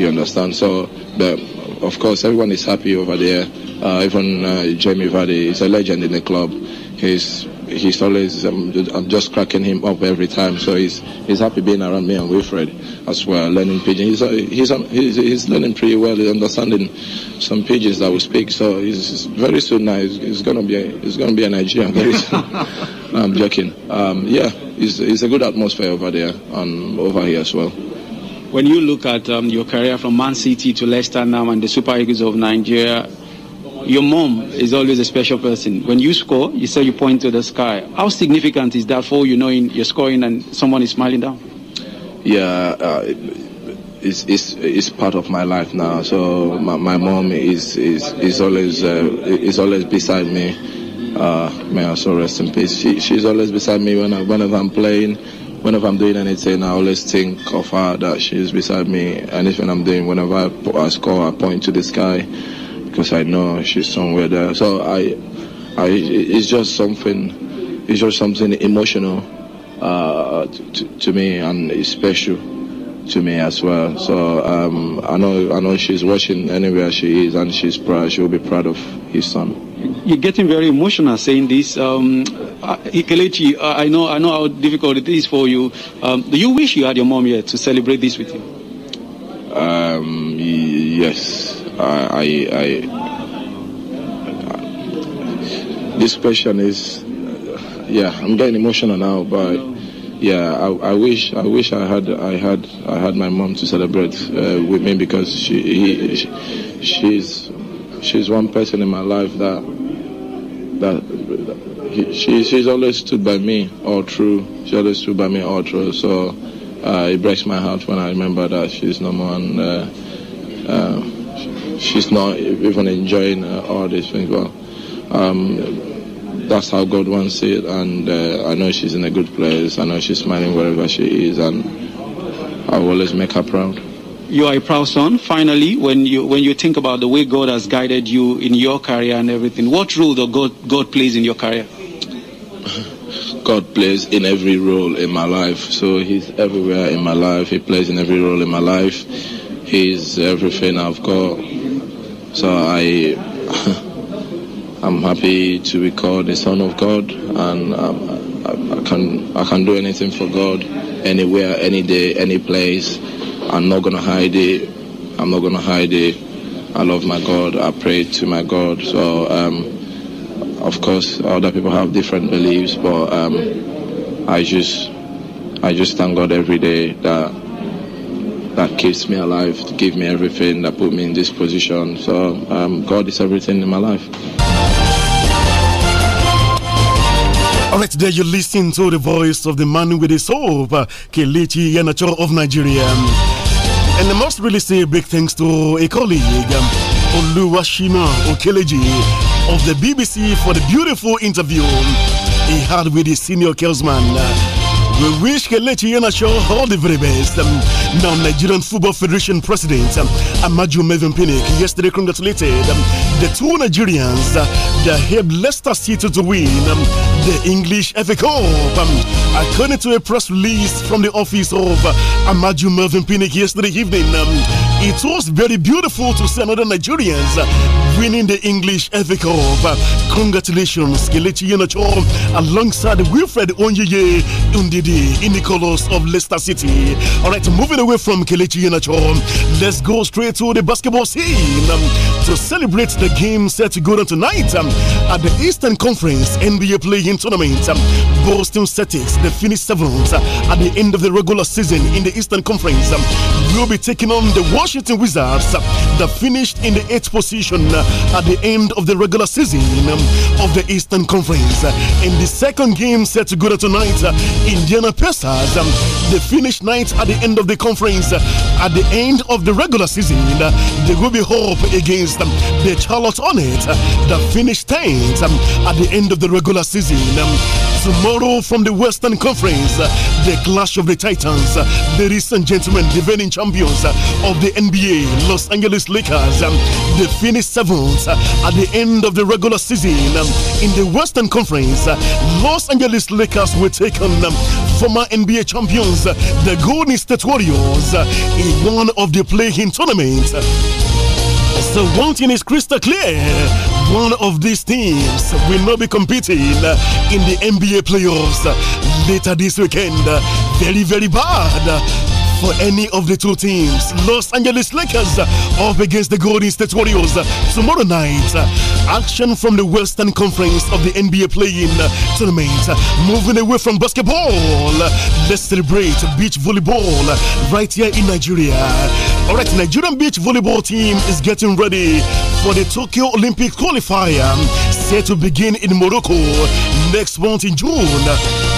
You understand? So, but of course everyone is happy over there. Uh, even uh, Jamie Vardy is a legend in the club. He's he's always um, I'm just cracking him up every time. So he's he's happy being around me and Wilfred as well, learning pidgin. He's uh, he's, um, he's, he's learning pretty well. He's understanding some pidgins that we speak. So he's, very soon now. He's, he's gonna be a, he's gonna be a Nigerian *laughs* very soon. I'm joking. Um, yeah, it's, it's a good atmosphere over there and over here as well. When you look at um, your career from Man City to Leicester now and the Super Eagles of Nigeria, your mom is always a special person. When you score, you say you point to the sky. How significant is that for you knowing you're scoring and someone is smiling down? Yeah, uh, it's, it's, it's part of my life now. So my, my mom is, is, is, always, uh, is always beside me. Uh, may I so rest in peace. She, she's always beside me when I, whenever I'm playing whenever I'm doing anything, I always think of her that she's beside me. Anything I'm doing, whenever I, I score, I point to the sky because I know she's somewhere there. So I, I, it's just something, it's just something emotional uh, to, to me and it's special to me as well. So um, I know I know she's watching anywhere she is, and she's proud. She'll be proud of his son. You're getting very emotional saying this, um, uh, Ikelechi. I know I know how difficult it is for you. Um, do you wish you had your mom here to celebrate this with you? Um, yes. I, I, I, this question is, yeah, I'm getting emotional now, but yeah, I, I wish, I wish I had, I had, I had my mom to celebrate uh, with me because she, he, she, she's, she's one person in my life that, that, she, she's always stood by me all through. She always stood by me all through. So uh, it breaks my heart when I remember that she's no more. And, uh, uh, she's not even enjoying uh, all these things. Well, um, that's how God wants it, and uh, I know she's in a good place. I know she's smiling wherever she is, and I will always make her proud. You are a proud son. Finally, when you when you think about the way God has guided you in your career and everything, what role does God God plays in your career? *laughs* God plays in every role in my life. So He's everywhere in my life. He plays in every role in my life. He's everything I've got. So I, *laughs* I'm happy to be called the son of God, and um, I, I, can I can do anything for God, anywhere, any day, any place. I'm not gonna hide it. I'm not gonna hide it. I love my God. I pray to my God. So, um, of course, other people have different beliefs, but um, I just I just thank God every day that that keeps me alive, to give me everything, that put me in this position. So um, God is everything in my life. All right, there you listen to the voice of the man with the soul, uh, Kelechi Yanacho of Nigeria. And I must really say big thanks to a colleague, um, Oluwashima Okeleji of the BBC for the beautiful interview he had with the senior salesman. Uh, we wish Kelechi Yenacho all the very best. Um, now, Nigerian Football Federation President um, Amaju Mevin Pinnick yesterday congratulated um, the two Nigerians uh, that helped Leicester City to win um, the English FA Cup. Um, according to a press release from the office of uh, Amaju Mevin Pinnick yesterday evening, um, it was very beautiful to see another Nigerians. Uh, winning the English FA Cup. Congratulations, Kelechi Iheanacho, alongside Wilfred Onyeye Undidi in the colours of Leicester City. All right, moving away from Kelechi Iheanacho, let's go straight to the basketball scene um, to celebrate the game set to go on tonight um, at the Eastern Conference NBA Playing Tournament. Um, Boston Celtics, the finish seventh uh, at the end of the regular season in the Eastern Conference, um, will be taking on the Washington Wizards, uh, the finished in the eighth position. Uh, at the end of the regular season um, of the Eastern Conference. In the second game set to go to tonight, uh, Indiana Pacers, um, they finish night at the end of the conference. Uh, at the end of the regular season, uh, they will be up against um, the Charlotte Hornets that finished 10th at the end of the regular season. Tomorrow from the Western Conference, the clash of the Titans, ladies and gentlemen, defending champions of the NBA, Los Angeles Lakers, um, the finish seventh uh, at the end of the regular season. Um, in the Western Conference, uh, Los Angeles Lakers will take on um, former NBA champions, uh, the Golden State Warriors, in one of the play-in tournaments. The one thing is crystal clear one of these teams will not be competing in the NBA playoffs later this weekend. Very, very bad for any of the two teams. Los Angeles Lakers up against the Golden State Warriors tomorrow night. Action from the Western Conference of the NBA playing tournament. Moving away from basketball, let's celebrate beach volleyball right here in Nigeria. All right, Nigerian beach volleyball team is getting ready for the Tokyo Olympic qualifier set to begin in Morocco next month in June.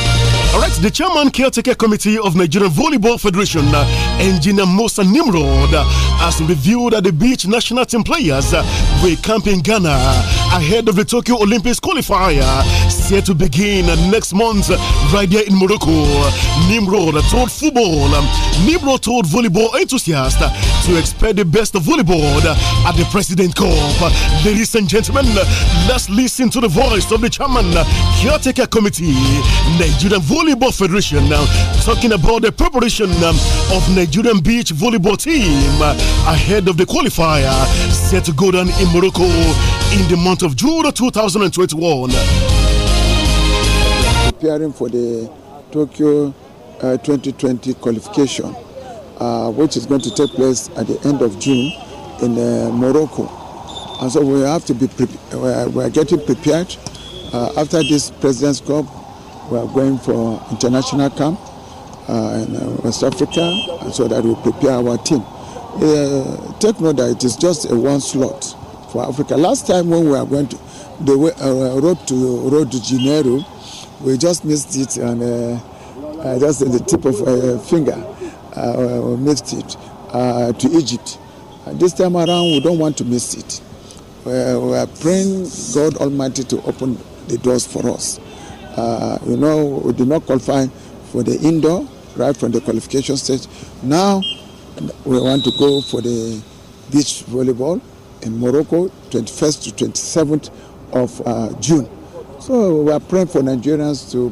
All right, the chairman caretaker committee of Nigerian Volleyball Federation, uh, engineer Musa Nimrod, uh, has revealed that the beach national team players uh, will camp in Ghana ahead of the Tokyo Olympics qualifier set to begin next month right here in Morocco. Nimrod told football, um, Nimrod told volleyball enthusiasts uh, to expect the best of volleyball uh, at the President Cup. Ladies and gentlemen, uh, let's listen to the voice of the chairman caretaker committee, Nigerian Volleyball. Volleyball Federation now um, talking about the preparation um, of Nigerian beach volleyball team uh, ahead of the qualifier set to go down in Morocco in the month of June 2021. Preparing for the Tokyo uh, 2020 qualification, uh, which is going to take place at the end of June in uh, Morocco. And so we have to be, uh, we are, we are getting prepared. Uh, after this President's Cup, we are going for international camp uh, in uh, West Africa so that we prepare our team. Uh, take note that it is just a one slot for Africa. Last time when we were going to the way, uh, road to Rio de Janeiro, we just missed it and uh, uh just the tip of a uh, finger we missed it to Egypt. And this time around, we don't want to miss it. we are praying God Almighty to open the doors for us uh, you know, we did not qualify for the indoor right from the qualification stage. Now we want to go for the beach volleyball in Morocco, 21st to 27th of uh, June. So we are praying for Nigerians to,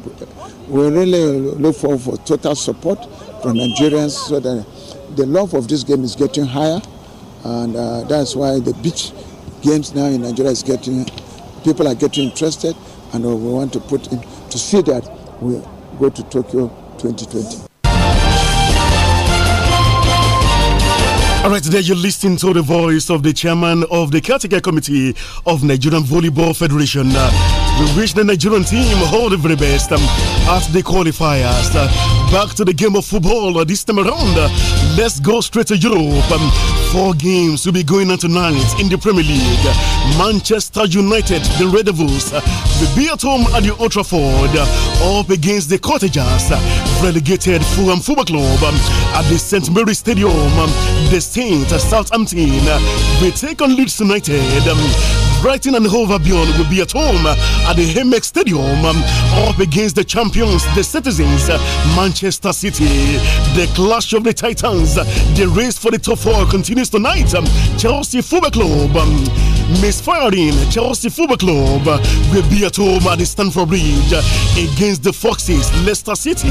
we really look forward for total support from Nigerians so that the love of this game is getting higher and uh, that's why the beach games now in Nigeria is getting, people are getting interested and we want to put in to see that we go to Tokyo 2020. All right, there you're listening to the voice of the chairman of the Caretaker Committee of Nigerian Volleyball Federation. Uh, we wish the Nigerian team all the very best. Um, at the qualifiers. Back to the game of football this time around. Let's go straight to Europe. Um, four games will be going on tonight in the Premier League. Manchester United, the Red Devils, will be at home at the Old Trafford, up against the Cottagers, relegated Fulham Football Club um, at the St Mary's Stadium. Um, the Saints, uh, Southampton, uh, will take on Leeds United. Brighton and Hove Albion will be at home uh, at the Hemex Stadium, up against the champions champions, the citizens, Manchester City. The clash of the titans, the race for the top four continues tonight. Chelsea Football Club. misfiring Chelsea Football Club will be at home at the Stanford Bridge against the Foxes, Leicester City.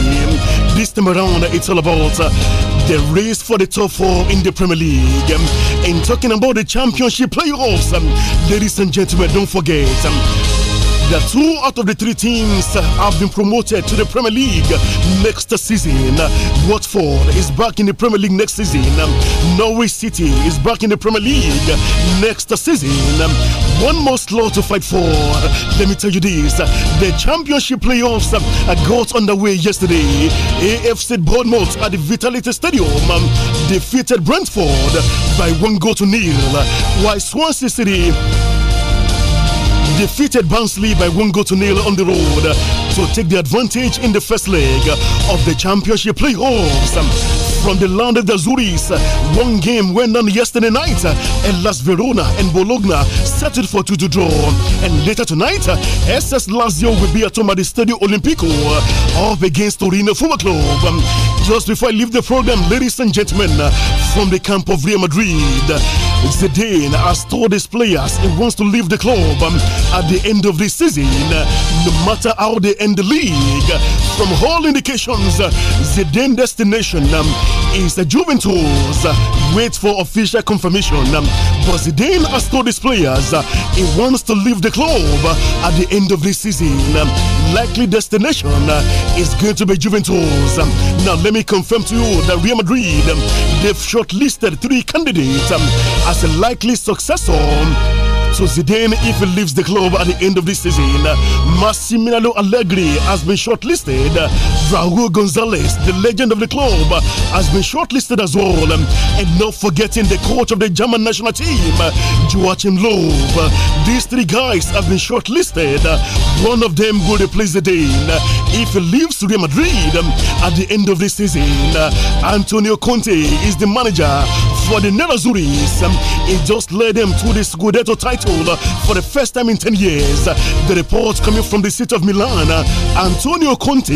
This time around, it's all about the race for the top four in the Premier League. And talking about the championship playoffs, ladies and gentlemen, don't forget the two out of the three teams have been promoted to the Premier League next season. Watford is back in the Premier League next season. Norwich City is back in the Premier League next season. One more slot to fight for. Let me tell you this the championship playoffs got underway yesterday. AFC Bournemouth at the Vitality Stadium defeated Brentford by one goal to nil, while Swansea City defeated Barnsley by one goal to nil on the road to take the advantage in the first leg of the championship playoffs from the land of the Azuris. One game went on yesterday night. Uh, and Las Verona and Bologna settled for 2 to draw. And later tonight, SS uh, Lazio will be at home at the Stadio Olimpico uh, up against Torino Football Club. Um, just before I leave the program, ladies and gentlemen, from the camp of Real Madrid, Zidane has told his players he wants to leave the club um, at the end of the season, no matter how they end the league. From all indications, Zidane's destination um, is the Juventus. Wait for official confirmation. Brazilian has told his players uh, he wants to leave the club at the end of this season. Likely destination uh, is going to be Juventus. Now, let me confirm to you that Real Madrid, they've shortlisted three candidates um, as a likely successor um, so Zidane, if he leaves the club at the end of this season, Massimiliano Allegri has been shortlisted. Raul Gonzalez, the legend of the club, has been shortlisted as well. And not forgetting the coach of the German national team, Joachim Löw. These three guys have been shortlisted. One of them will replace Zidane if he leaves Real Madrid um, at the end of this season. Antonio Conte is the manager for the Nerazzurri. Um, he just led them to the Scudetto title title for the first time in 10 years. The reports coming from the city of Milan, Antonio Conte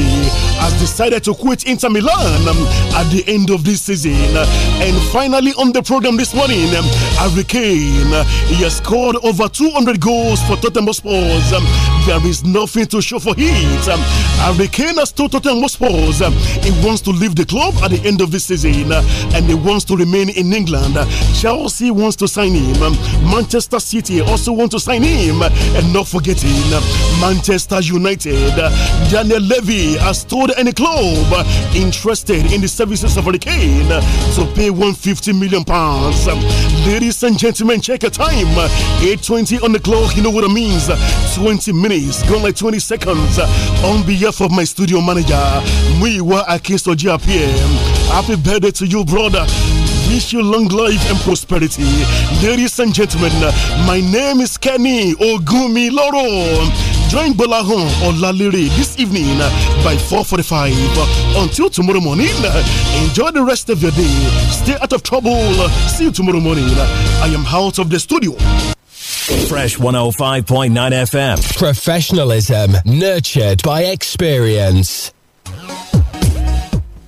has decided to quit Inter Milan um, at the end of this season. And finally, on the program this morning, um, Harry Kane, he has scored over 200 goals for Tottenham Sports. Um, there is nothing to show for it. Harry Kane has told Tottenham Sports he wants to leave the club at the end of this season uh, and he wants to remain in England. Uh, Chelsea wants to sign him. Manchester City also want to sign him. And not forgetting Manchester United, Daniel Levy has told any club interested in the services of Hurricane to pay 150 million pounds. Ladies and gentlemen, check your time. 8:20 on the clock. You know what it means. 20 minutes, gone like 20 seconds. On behalf of my studio manager, Muiwa Akinsoji happy birthday to you, brother wish you long life and prosperity. Ladies and gentlemen, my name is Kenny Ogumi Loro join on Olalere this evening by 4.45. Until tomorrow morning, enjoy the rest of your day. Stay out of trouble. See you tomorrow morning. I am out of the studio. Fresh 105.9 FM. Professionalism nurtured by experience.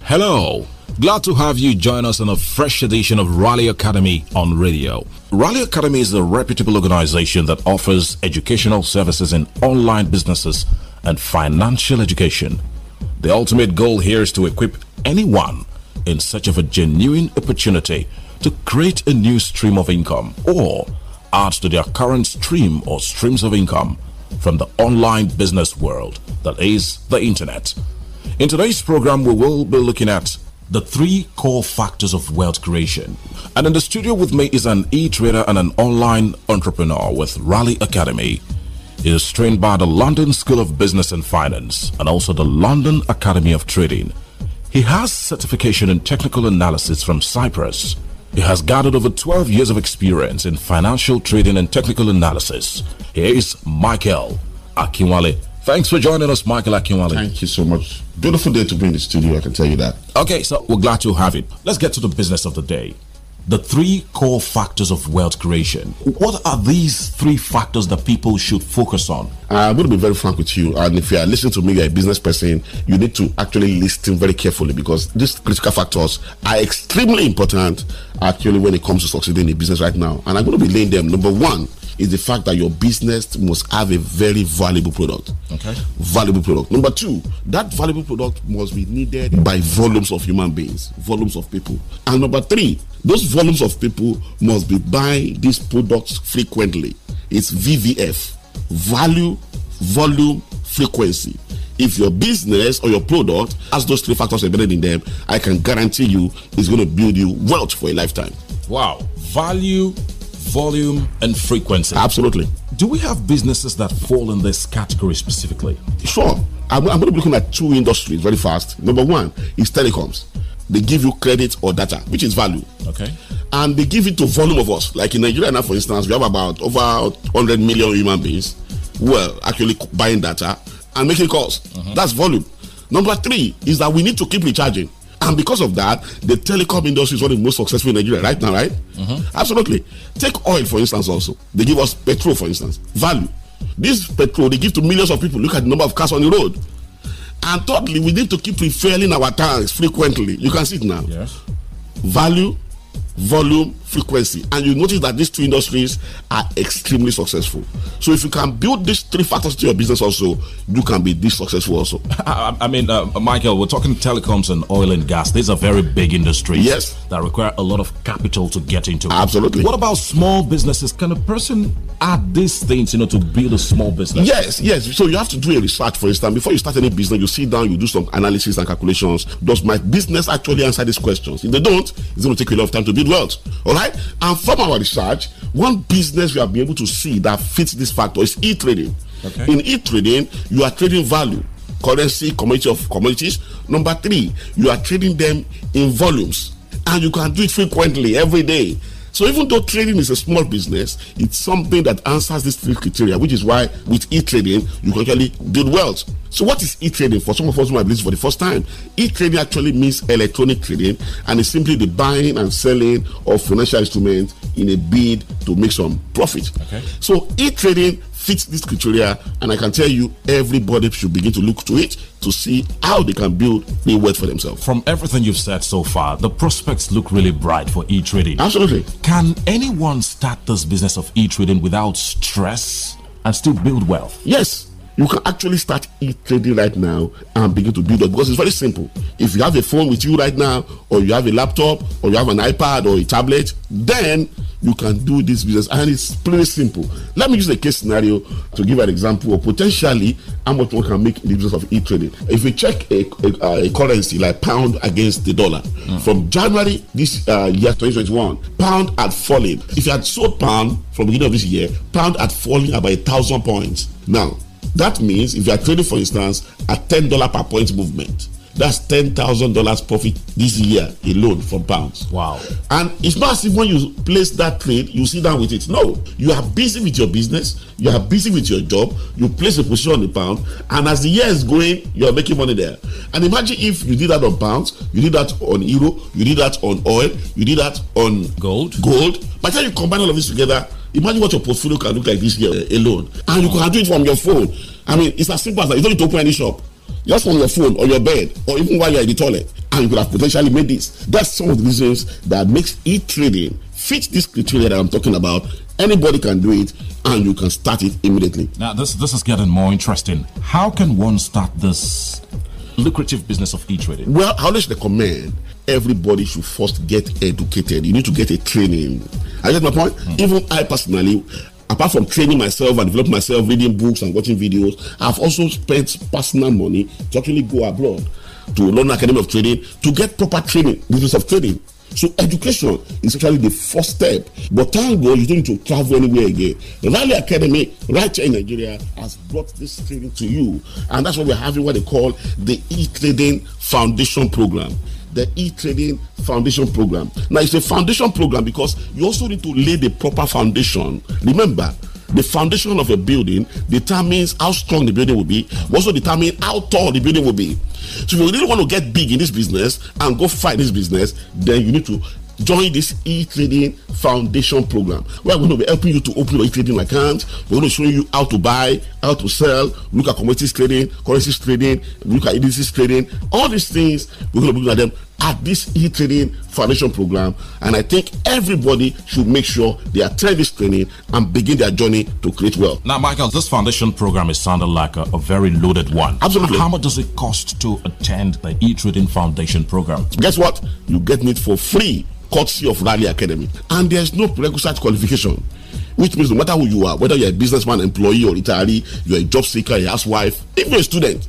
Hello. Glad to have you join us on a fresh edition of Raleigh Academy on radio. Raleigh Academy is a reputable organization that offers educational services in online businesses and financial education. The ultimate goal here is to equip anyone in search of a genuine opportunity to create a new stream of income or add to their current stream or streams of income from the online business world that is the internet. In today's program, we will be looking at the three core factors of wealth creation. And in the studio with me is an e trader and an online entrepreneur with Raleigh Academy. He is trained by the London School of Business and Finance and also the London Academy of Trading. He has certification in technical analysis from Cyprus. He has gathered over 12 years of experience in financial trading and technical analysis. Here is Michael Akinwale Thanks for joining us, Michael Akinwale. Thank you so much. Beautiful day to be in the studio, I can tell you that. Okay, so we're glad to have it. Let's get to the business of the day. The three core factors of wealth creation. What are these three factors that people should focus on? I'm going to be very frank with you. And if you are listening to me, you're a business person, you need to actually listen very carefully because these critical factors are extremely important actually when it comes to succeeding in business right now. And I'm going to be laying them. Number one, is the fact that your business must have a very valuable product. Okay. Valuable product. Number two, that valuable product must be needed by volumes of human beings, volumes of people. And number three, those volumes of people must be buying these products frequently. It's VVF value, volume, frequency. If your business or your product has those three factors embedded in them, I can guarantee you it's going to build you wealth for a lifetime. Wow. Value, volume and frequency. Absolutely. Do we have businesses that fall in this category specifically? Sure. I'm, I'm going to be looking at two industries very fast. Number one is telecoms. They give you credit or data, which is value. Okay. And they give it to volume of us. Like in Nigeria now, for instance, we have about over 100 million human beings who are actually buying data and making calls. Uh -huh. That's volume. Number three is that we need to keep recharging. And because of that, the telecom industry is one of the most successful in Nigeria right now, right? Mm -hmm. Absolutely. Take oil, for instance, also. They give us petrol, for instance, value. This petrol they give to millions of people. Look at the number of cars on the road. And thirdly, we need to keep refilling our tanks frequently. You can see it now. Yes. Value, volume, frequency. And you notice that these two industries are extremely successful. So if you can build these three factors to your business also, you can be this successful also. *laughs* I, I mean, uh, Michael, we're talking telecoms and oil and gas. These are very big industries. Yes. That require a lot of capital to get into. Absolutely. What about small businesses? Can a person add these things, you know, to build a small business? Yes, yes. So you have to do a research, for instance. Before you start any business, you sit down, you do some analysis and calculations. Does my business actually answer these questions? If they don't, it's going to take a lot of time to build wealth. All right? And from our research, one business we have been able to see that fits this factor is e-trading. Okay. In e-trading, you are trading value, currency, commodity of commodities. Number three, you are trading them in volumes, and you can do it frequently every day so even though trading is a small business, it's something that answers these three criteria, which is why with e-trading you can actually build wealth. So what is e-trading? For some of us who have be listening for the first time, e-trading actually means electronic trading, and it's simply the buying and selling of financial instruments in a bid to make some profit. Okay. So e-trading fit this criteria, and I can tell you everybody should begin to look to it to see how they can build a wealth for themselves. From everything you've said so far, the prospects look really bright for e-trading. Absolutely. Can anyone start this business of e-trading without stress and still build wealth? Yes you can actually start e-trading right now and begin to build up because it's very simple. If you have a phone with you right now, or you have a laptop, or you have an iPad or a tablet, then you can do this business and it's pretty simple. Let me use a case scenario to give an example of potentially how much one can make in the business of e-trading. If we check a, a, a currency like pound against the dollar mm. from January this uh, year 2021, pound had fallen. If you had sold pound from the beginning of this year, pound had fallen about a thousand points. Now that means if you are trading, for instance, a $10 per point movement, that's ten thousand dollars profit this year alone from pounds. Wow! And it's massive when you place that trade. You sit down with it. No, you are busy with your business. You are busy with your job. You place a position on the pound, and as the year is going, you are making money there. And imagine if you did that on pounds, you did that on euro, you did that on oil, you did that on gold. Gold. By the time you combine all of this together, imagine what your portfolio can look like this year alone, and wow. you can do it from your phone. I mean, it's as simple as that. You don't need to open any shop just from your phone or your bed or even while you're in the toilet, and you could have potentially made this. That's some of the reasons that makes e-trading fit this criteria that I'm talking about. Anybody can do it, and you can start it immediately. Now, this this is getting more interesting. How can one start this lucrative business of e-trading? Well, I they recommend everybody should first get educated. You need to get a training. I get my point. Mm Even I personally, apart from training myself and developing myself, reading books and watching videos, I've also spent personal money to actually go abroad to London Academy of Trading to get proper training, business of trading. So education is actually the first step. But thank God you don't need to travel anywhere again. Rally Academy, right here in Nigeria, has brought this training to you. And that's what we're having what they call the e-trading foundation program the e-trading foundation program. Now it's a foundation program because you also need to lay the proper foundation. Remember, the foundation of a building determines how strong the building will be, also determines how tall the building will be. So if you really want to get big in this business and go fight this business, then you need to join this e-trading foundation program. We're going to be helping you to open your e-trading account. We're going to show you how to buy, how to sell, look at commodities trading, currencies trading, look at indices trading, all these things. We're going to be looking at them at this e-trading foundation program. And I think everybody should make sure they attend this training and begin their journey to create wealth. Now, Michael, this foundation program is sounding like a, a very loaded one. Absolutely. How much does it cost to attend the e trading foundation program? Guess what? You get it for free courtesy of Raleigh Academy. And there's no prerequisite qualification, which means no matter who you are, whether you're a businessman, employee, or retiree, you're a job seeker, a housewife, even a student,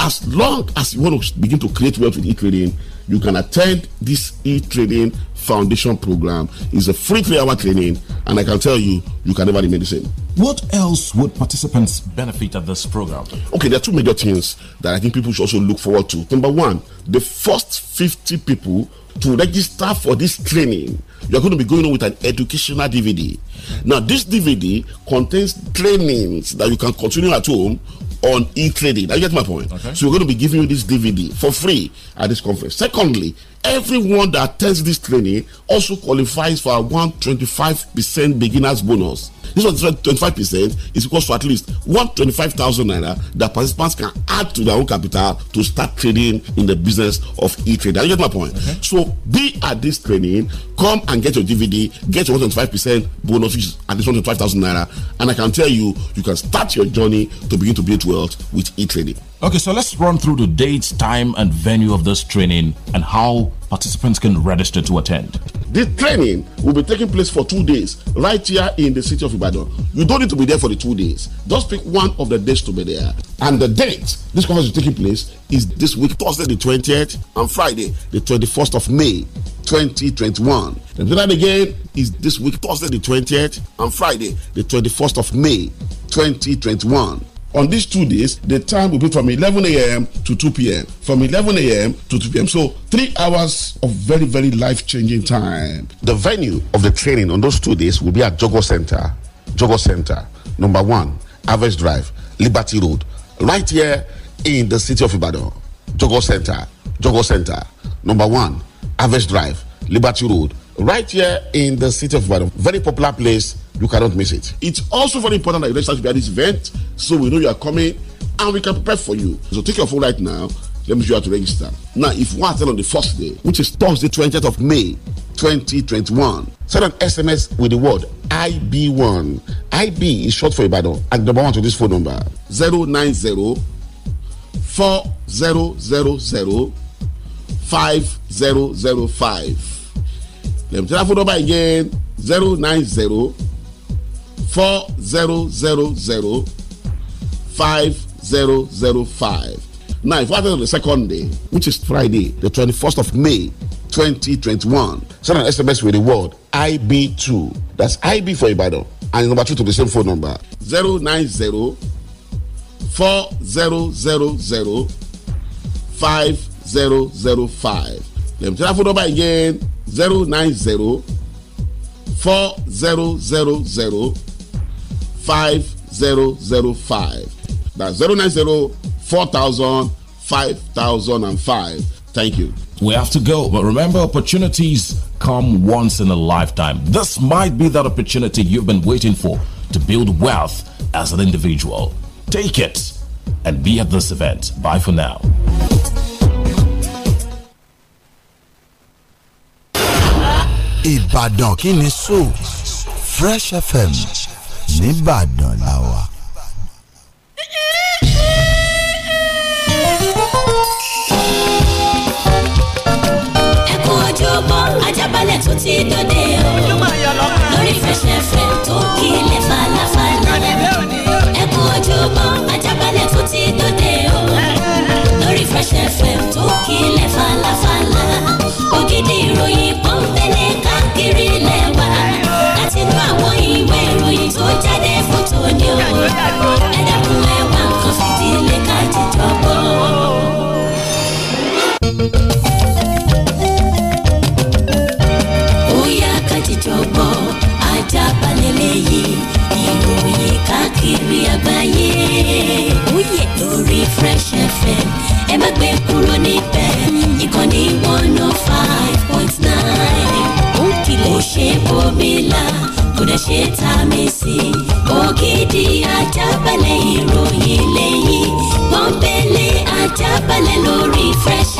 as long as you want to begin to create wealth with e trading, you can attend this e-trading foundation program. It's a free three-hour training, and I can tell you, you can never remain the same. What else would participants benefit at this program? Okay, there are two major things that I think people should also look forward to. Number one, the first 50 people to register for this training, you're going to be going on with an educational DVD. Now, this DVD contains trainings that you can continue at home on e-trading. I get my point? Okay. So we're going to be giving you this DVD for free at this conference. Secondly, everyone that attends this training also qualifies for a 125% beginner's bonus. This one, 25% is equals to at least 125,000 naira that participants can add to their own capital to start trading in the business of e trade. You get my point? Okay. So be at this training, come and get your DVD, get your 125% bonus, which is at least 125,000 naira. And I can tell you, you can start your journey to begin to build wealth with e trading. Okay, so let's run through the dates, time, and venue of this training and how Participants can register to attend. The training will be taking place for two days right here in the city of Ibadan. You don't need to be there for the two days. Just pick one of the days to be there. And the date this conference is taking place is this week, Thursday the 20th and Friday the 21st of May 2021. The deadline again is this week, Thursday the 20th and Friday the 21st of May 2021 on these two days, the time will be from 11 a.m. to 2 p.m. From 11 a.m. to 2 p.m. So three hours of very, very life changing time. The venue of the training on those two days will be at Jogo Center. Jogo Center, number one, Average Drive, Liberty Road, right here in the city of Ibadan. Jogo Center, Jogo Center, number one, Average Drive, Liberty Road, right here in the city of Ibadan. Very popular place. You cannot miss it. It's also very important that you register to be at this event so we know you are coming and we can prepare for you. So take your phone right now. Let me show you how to register. Now, if you attend on the first day, which is Thursday, 20th of May, 2021, send an SMS with the word IB1. IB is short for Ibadan and number one to this phone number 090 4000 5005. let me tell you the phone number again zero nine zero four zero zero zero five zero zero five. Now, if I tell the second day, which is Friday, the 21st of May, 2021, send an SMS with the word IB2. That's IB for Ibadan. And number two to the same phone number 090 4000 5005. Let me tell you number again 090 4000 5005. That's 090 4000 5005. Thank you. We have to go, but remember, opportunities come once in a lifetime. This might be that opportunity you've been waiting for to build wealth as an individual. Take it and be at this event. Bye for now. Ìbàdàn kí ni so Fresh FM nìbàdàn la wà. ẹ kú ojúbọ Ajábalẹ̀ tó ti dòde o lórí Fresh FM tó kílẹ̀ falafala ẹ kú ojúbọ ajabale tó ti dòde o lórí Fresh FM tó kílẹ̀ falafala ògidì ìròyìn pọ́npọ́n. ìròyìn tó jáde fún tòní o ẹ dẹ́kun ẹ wá nǹkan fìdílé ká jíjọ gbọ́. ó yá ká jíjọ gbọ́ ajá balẹ̀ lẹ́yìn ìròyìn káàkiri àgbáyé lórí Fresh FM ẹ má gbé kúrò níbẹ̀ ìkànnì one oh five point nine jákèjádò kò ṣe bòmílà kò dẹ̀ ṣe tà mí sí i ògidì ajábalẹ̀ ìròyìn lẹ́yìn pọ́npẹ́lẹ́ ajábalẹ̀ lórí Fresh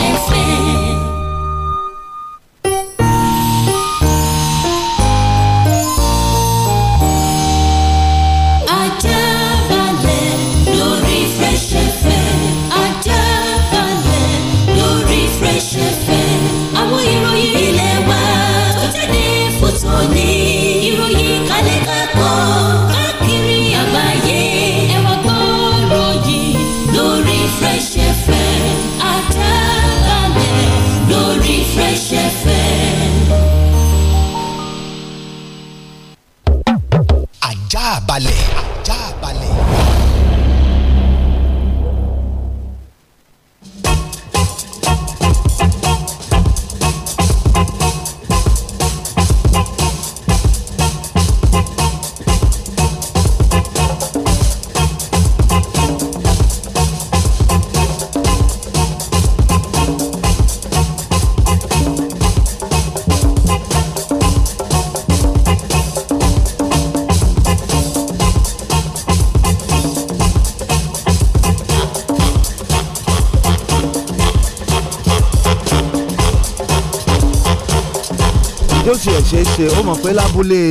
mọ̀ pé lábúlé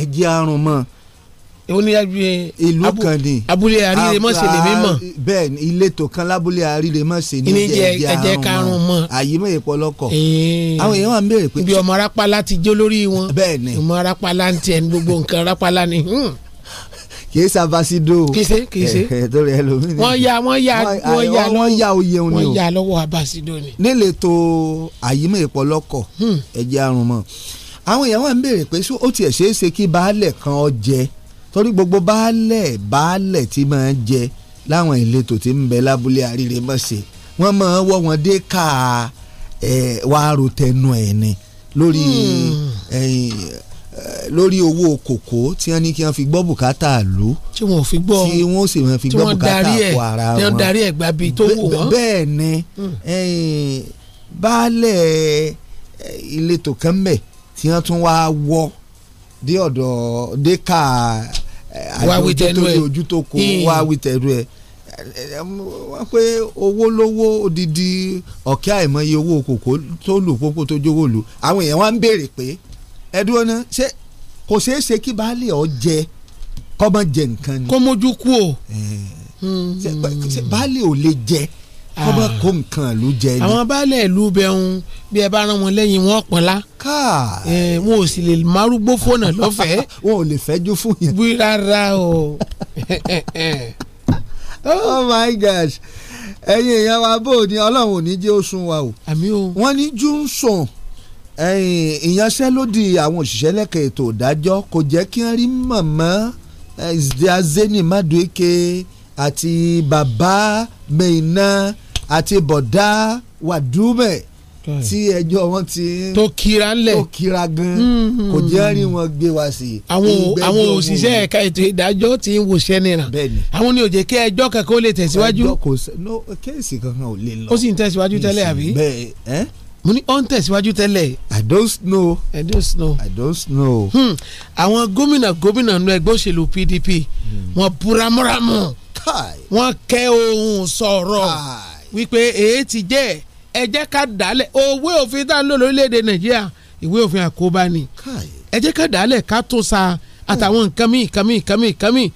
ẹ̀jẹ̀ àrùn mọ̀ ìlú kan ni abúlé àríre mọ̀ ṣe lè mí mọ̀ bẹ́ẹ̀ ni ìletò kan lábúlé àríre mọ̀ ṣe ní ẹ̀jẹ̀ àrùn mọ̀ àyè mọ̀ ìpọlọ́kọ̀ àwọn èèyàn wà ń béèrè pé. ibi ọmọ arápálá ti jó lórí wọn bẹ́ẹ̀ ni ọmọ arápálá ń tiẹ̀ ní gbogbo nǹkan arápálá ni hmm. kìí sabasido. kìíse kìíse. torí ẹlòmíì. wọ́n ya wọ́n ya wọ́n ya wọ́n ya oyè ni o. wọ́n ya lọ́wọ́ abasido ni. nílẹ̀ tó àyímọ̀ ìpọ́lọ́kọ̀ hmm. ẹ̀jẹ̀ àrùn mọ́ àwọn èèyàn wà ń béèrè pé ó tiẹ̀ ṣeé ṣe kí baálẹ̀ kan ọ jẹ torí gbogbo baálẹ̀ baálẹ̀ tí máa ń jẹ láwọn ìletò tí ń bẹ lábúlé àríre mọ̀ṣẹ́ wọ́n máa wọ́ wọn dé ká wàárò tẹnu ẹ̀ ni lórí hmm. lórí owó kòkó tí wọ́n ní kí wọ́n fi gbọ́ bùkátà lù tí wọ́n fi gbọ́ tí wọ́n sì fi gbọ́ bùkátà kọ ara wọn tí wọ́n darí ẹ̀ gbabi tó wù wọ́n. bẹ́ẹ̀ ni hmm. baálẹ̀ ìletò kan mẹ́ẹ̀ tí wọ́n tún wá wọ́ dé ọ̀dọ̀ déka eh, àjọ ojú tó kó hmm. wá wítẹ̀rù ẹ̀ wọ́n pé owó lówó odidi ọ̀kẹ́ àìmọye owó kòkó tó lù pópó tó jówó lù àwọn èèyàn wá ń béèrè pé ẹdúró náà ṣé kò ṣeé ṣe kí baálé ọ jẹ kọ́mọ jẹ nǹkan ni. kó mójú kú o. Eh. Hmm. baálé ò lè jẹ wọ́n bá kó nǹkan ìlú jẹ ni. àwọn baálẹ̀ ìlú bẹ̀rùn bí ẹ bá rán wọn lẹ́yìn wọn pọ̀nlá. káà ẹ wọn ò sì lè márúgbó fóònù lọ́fẹ̀ẹ́. *laughs* wọn ò lè fẹ́jú fún yẹn. bí rárá o. *laughs* oh my gosh ẹ̀yin èèyàn wa bó o ní ọlọ́run ò ní jẹ́ ó wa o. àmì o. wọ́n ní júùsùn ìyanṣẹ́lódì àwọn òṣìṣẹ́ lẹ́ka ètò ìdájọ́ kò jẹ́ kí wọ́n rí mọ̀mọ́ ẹ̀ẹ́dẹ́azẹ́ni àti baba meina àti bọ̀dá wàdúmẹ̀ tí ẹjọ́ wọn ti tó kira lẹ̀ tó kira gan mm-hmm. kò jẹ́ rí wọn gbé wá sí i. àwọn òṣìṣẹ́ ẹ̀ka ètò ìdájọ́ ti ń wòṣẹ́ nìran àwọn ni ò jẹ́ kí ẹjọ́ kankan ó lè tẹ̀síwájú. ẹjọ́ kò sẹ́ no kéèsì kankan ò lè lọ. ó sì ń tẹ̀síwájú tẹ́lẹ̀ àbí. bẹ́ẹ̀ ẹ́ mo ní ó tẹ̀síwájú tẹ́lẹ̀. I don't know. I don't know. I don't know. Hmm. àwọn gómìnà gómìnà nu ẹgbẹ́ òṣèlú PDP hmm. wọ́n buramuramu wọ́n kẹ́ ohun sọ̀rọ̀ wípé èyí ti jẹ́ ẹ jẹ́ ká dálẹ̀ òwe òfin tá a ń lò lórílẹ̀‐èdè Nàìjíríà ìwé òfin àkóbá ni ẹ jẹ́ ká dálẹ̀ ká tó sa àtàwọn nǹkan míì nǹkan míì nǹkan míì nǹkan míì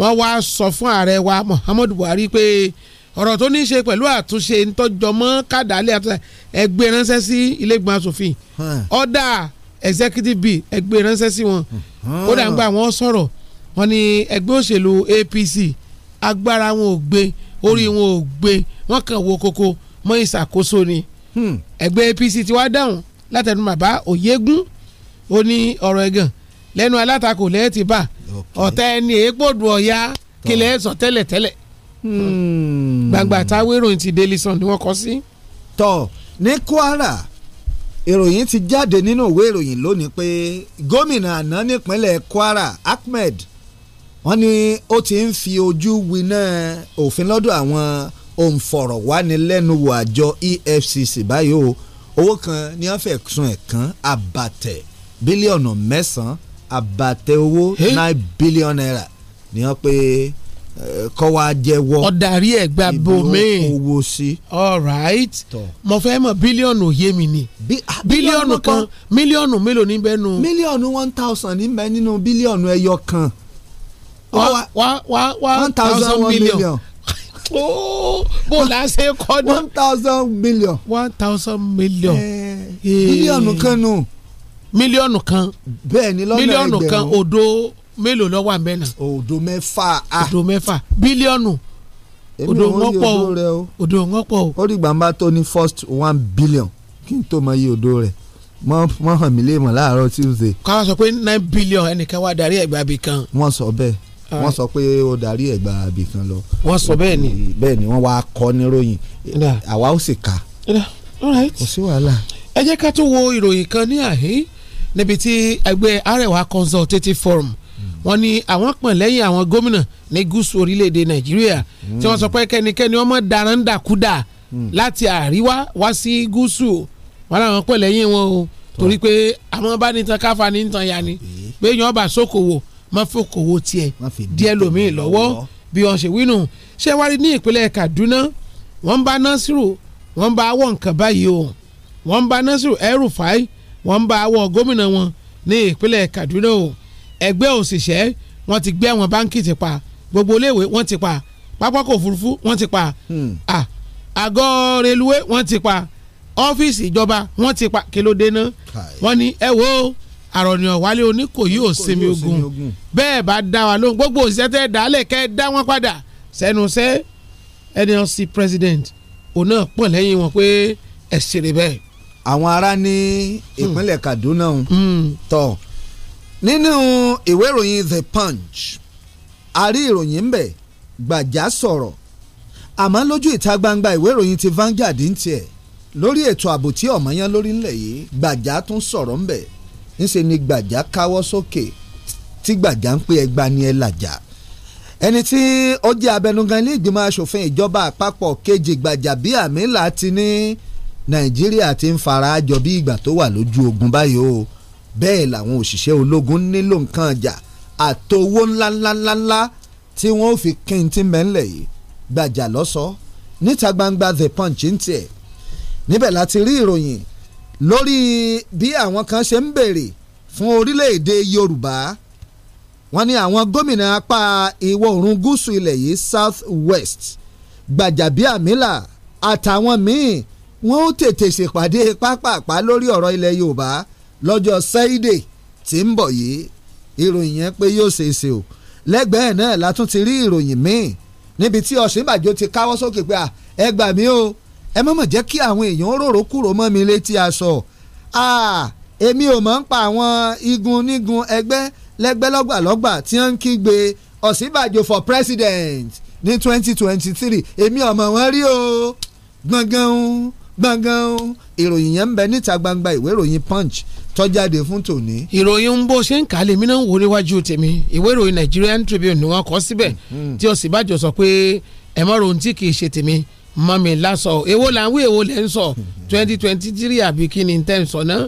wọ́n wá sọ fún ààrẹ wa Muhammadu Buhari pé ọ̀rọ̀ tó ní í ṣe pẹ̀lú àtúnṣe ntọ́jọmọ́ kàdálẹ̀ àtúnṣe ẹgbẹ́ ránṣẹ́ sí ilégbèmọ̀ asòfin ọ̀dà executive bill ẹgbẹ́ ránṣẹ́ sí wọn kódà ń gbà wọ́n sọ̀rọ̀ wọn ni ẹgbẹ́ òṣèlú APC agbára wọn ò gbé orí wọn ò gbé wọn kàn wo koko mọ́ ìṣàkóso ni hmm. ẹgbẹ́ APC ti wá dáhùn látẹnu bàbá Oyégún ó ní ọ̀rọ̀ ẹ̀gàn lẹ́nu alátakò lẹ́ẹ̀tì bá ọ̀tá ẹni èépò dùn ọ̀ya kílẹ̀ sọ tẹ́lẹ̀tẹ́lẹ̀ Hmm. gbangba táwọn ìròyìn ti Daily Sun ni wọ́n kọ sí. tọ ní Kwara ìròyìn ti jáde nínú ìwé ìròyìn lónìí pé gómìnà àná nípínlẹ̀ Kwara Ahmed wọ́n ní ó ti ń fi ojú winá òfin lọ́dọ̀ àwọn òǹfọ̀rọ̀wánilẹ́nuwò àjọ EFCC báyìí o owó kan ni wọ́n fẹ́ sun ẹ̀kan àbàtẹ̀ bílíọ̀nù mẹ́sàn-án àbàtẹ̀ owó nine billion naira ni wọ́n pé. Hey? kọ́ wa jẹ́wọ́ ọ̀darí ẹ̀ gba bomi owó sí. alright mo fẹ́ mọ̀ bílíọ̀nù òye mi ni ah, bílíọ̀nù kan mílíọ̀nù mélòó ní bẹ́ẹ̀ nù. mílíọ̀nù one thousand ní bẹ́ẹ̀ nínú bílíọ̀nù ẹyọ kan. wá wá wá one thousand million. *laughs* bó la ṣe kọ́ dún. one thousand million. one thousand million. bílíọ̀nù kan nù. mílíọ̀nù kan. bẹ́ẹ̀ ni lọ́nà ẹgbẹ̀rún mílíọ̀nù kan odo mélòó ló wà ńbẹ̀ náà. òdo mẹ́fà. òdo mẹ́fà bílíọ̀nù òdo wọn pọ̀ o òdo wọn pọ̀ o. ó dìgbà máa tó ní first one billion kí n tó mọ iye òdo rẹ̀ mọ mọ hàn mí lè mọ láàárọ̀ tuesday. káwọn sọ pé nine billion ẹnìkan wá darí ẹgbàá bì kan. wọ́n sọ bẹ́ẹ̀ wọ́n sọ pé ó darí ẹgbàá bì kan lọ. wọ́n sọ bẹ́ẹ̀ ni. bẹ́ẹ̀ ni wọ́n wá kọ níròyìn àwa ó sì kà. kò sí wàhálà. ẹ jẹ́ ká tún wo ìròyìn kan ní àhín níbi tí ẹgbẹ́ Arewa Consultative Forum wọ́n ní àwọn pọ̀n lẹ́yìn àwọn gómìnà ní gúúsù orílẹ̀-èdè nàìjíríà tí wọ́n sọ pé kẹ́nikẹ́ni ọmọ darandakúdà láti àríwá wá sí gúúsù wọn làwọn pọ̀n lẹ́yìn wọn o torí pé àwọn bá ní tan káfa ní tan ya ni pé yan ọba sókòwò má fòkòwò tiẹ̀ díẹ̀ lómi lọ́wọ́ bí wọ́n ṣe wínú ṣé wàá rí ní ìpínlẹ̀ Kaduna wọ́n bá Nasiru wọ́n bá awọ nǹkan báyìí o wọ́n bá Nasiru El-Rufai wọ́n bá awọ gómìnà wọn ní ìpínlẹ̀ Kaduna o ẹgbẹ́ òṣìṣẹ́ wọ́n ti gbé àwọn báńkì ti pa gbogbo iléèwé wọ́n ti pa pápákọ̀ òfurufú wọ́n ti pa hmm. àgọ́ reluwé wọ́n ti pa ọ́fíìsì ìjọba wọ́n ti pa kí ló dé ná wọ́n ní ẹ wo àròyìn ọ̀wálé oníkòyí òsinmi ogun bẹ́ẹ̀ bá dá wa lóhùn gbogbo òṣìṣẹ́ tẹ́ dálẹ̀ kẹ́ dá wọn padà sẹ́nu sẹ́ NLC president òun náà pọ̀ lẹ́yìn wọn pé ẹ̀ ṣeré bẹ́ẹ̀. àwọn ará ní hmm. ìpínlẹ̀ Kaduna hmm. tọ̀ nínú ìwé ìròyìn the punch a rí ìròyìn ń bẹ̀ gbàjá sọ̀rọ̀ àmọ́ lójú ìta gbangba ìwé ìròyìn ti Vanguard ń tiẹ̀ lórí ètò ààbò tí ọ̀mọ́yán lórí ńlẹ̀ yìí gbàjá tún sọ̀rọ̀ ń bẹ̀ ńṣe ni gbàjá káwọ́ sókè tí gbàjá ń pè ẹgba ni ẹ làjà ẹni tí ó jẹ́ abẹnugan ilé ìgbìmọ̀ asòfin ìjọba àpapọ̀ kejì gbàjà bíi àmì láti ní Nàìjíríà ti ń fara jọ bí ìgbà tó wà lójú ogun báyìí o bẹ́ẹ̀ làwọn òṣìṣẹ́ ológun nílò nǹkan ọjà àtowó ńláńláńláńlá tí wọ́n fi kín tí mẹ́ńlẹ̀ yìí gbàjà lọ́sọ̀ọ́ níta gbangba the punch ń tiẹ̀ níbẹ̀ láti rí ìròyìn lórí bí àwọn kan ṣe ń béèrè fún orílẹ̀-èdè Yorùbá wọ́n ní àwọn gómìnà apá ìwọ̀ oòrùn gúúsù ilẹ̀ yìí south west gbàjàbíàmílà àtàwọn míì wọ́n ó tètè ṣèpàdé pápápá lórí ọ̀rọ̀ ilẹ̀ Yorùbá lọ́jọ́ sẹ́ídè tí ń bọ̀ yìí ìròyìn yẹn pé yóò ṣe é ṣe o lẹ́gbẹ̀ẹ́ náà látún ti rí ìròyìn míì níbi tí Ọ̀ṣínbàjò ti káwọ́ sókè pé ẹ gbà mí o ẹ má mà jẹ́ kí àwọn èèyàn rorò kúrò mọ́ mi létí aṣọ èmi ò mọ̀ ń pa àwọn igun nígun ẹgbẹ́ lẹ́gbẹ́ lọ́gbàlọ́gbà tí wọ́n ń kígbe Ọ̀ṣínbàjò for president ní 2023 twenty three èmi ọmọ wọn rí o gbọ̀ngàn gbọ̀ngàn ìròyìn yẹn ń bẹ níta gbangba ìwé ìròyìn punch tọ́jáde fún tòní. ìròyìn bó ṣe ń kà á lèmi náà ń wò níwájú tèmi ìwé ìròyìn Nigerian Tribune ni wọ́n kọ síbẹ̀ hmm, hmm. tí Ọ̀ṣínbàjò sọ pé ẹ mọ̀ rohun tí kì í ṣe tèmi mọ̀ mi lásọ̀ èwo là ń wí èwo lẹ́ ń sọ *laughs* twenty twenty three àbí kí ni tẹ́ ń sọ náà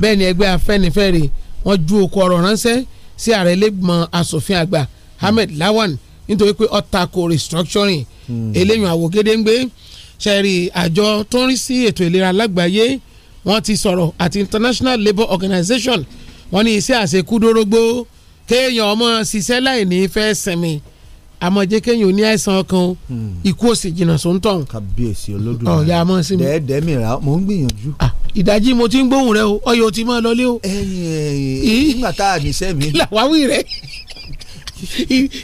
bẹ́ẹ̀ ni ẹgbẹ́ Afẹ́nifẹ́re wọ́n ju okò ọ̀rọ̀ ránṣẹ́ sí ààrẹ lẹ́gbọ̀n asòfin àgbà Ahmed Lawan nítorí pé ó restructuring hmm. eléyìn àwògedengbe ṣẹ̀rí àjọ tó ń rí sí ètò ìlera lágbàáyé wọ́n ti sọ̀rọ̀ àti International Labour Organization wọ́n ní iṣẹ́ àṣekúdórógbó kéèyàn ọmọ ṣiṣẹ́ láì ní fẹ́ sinmi àmọ́ jẹ́ kéèyàn ní àìsàn ọkàn hmm. ikú òsì jìnnà sóńtọ̀n. kábíyèsí olódùn ọ̀hún ọ̀yà mọ̀ sí mi. dẹ́ẹ̀dẹ́ mi rà mò ń gbìyànjú. Ah, ìdájí mo ti ń gbóhùn rẹ o ọyọ ti máa lọlé o. ẹyin ẹyin nígbà tá a níṣẹ́ mi. kí làwa wí rẹ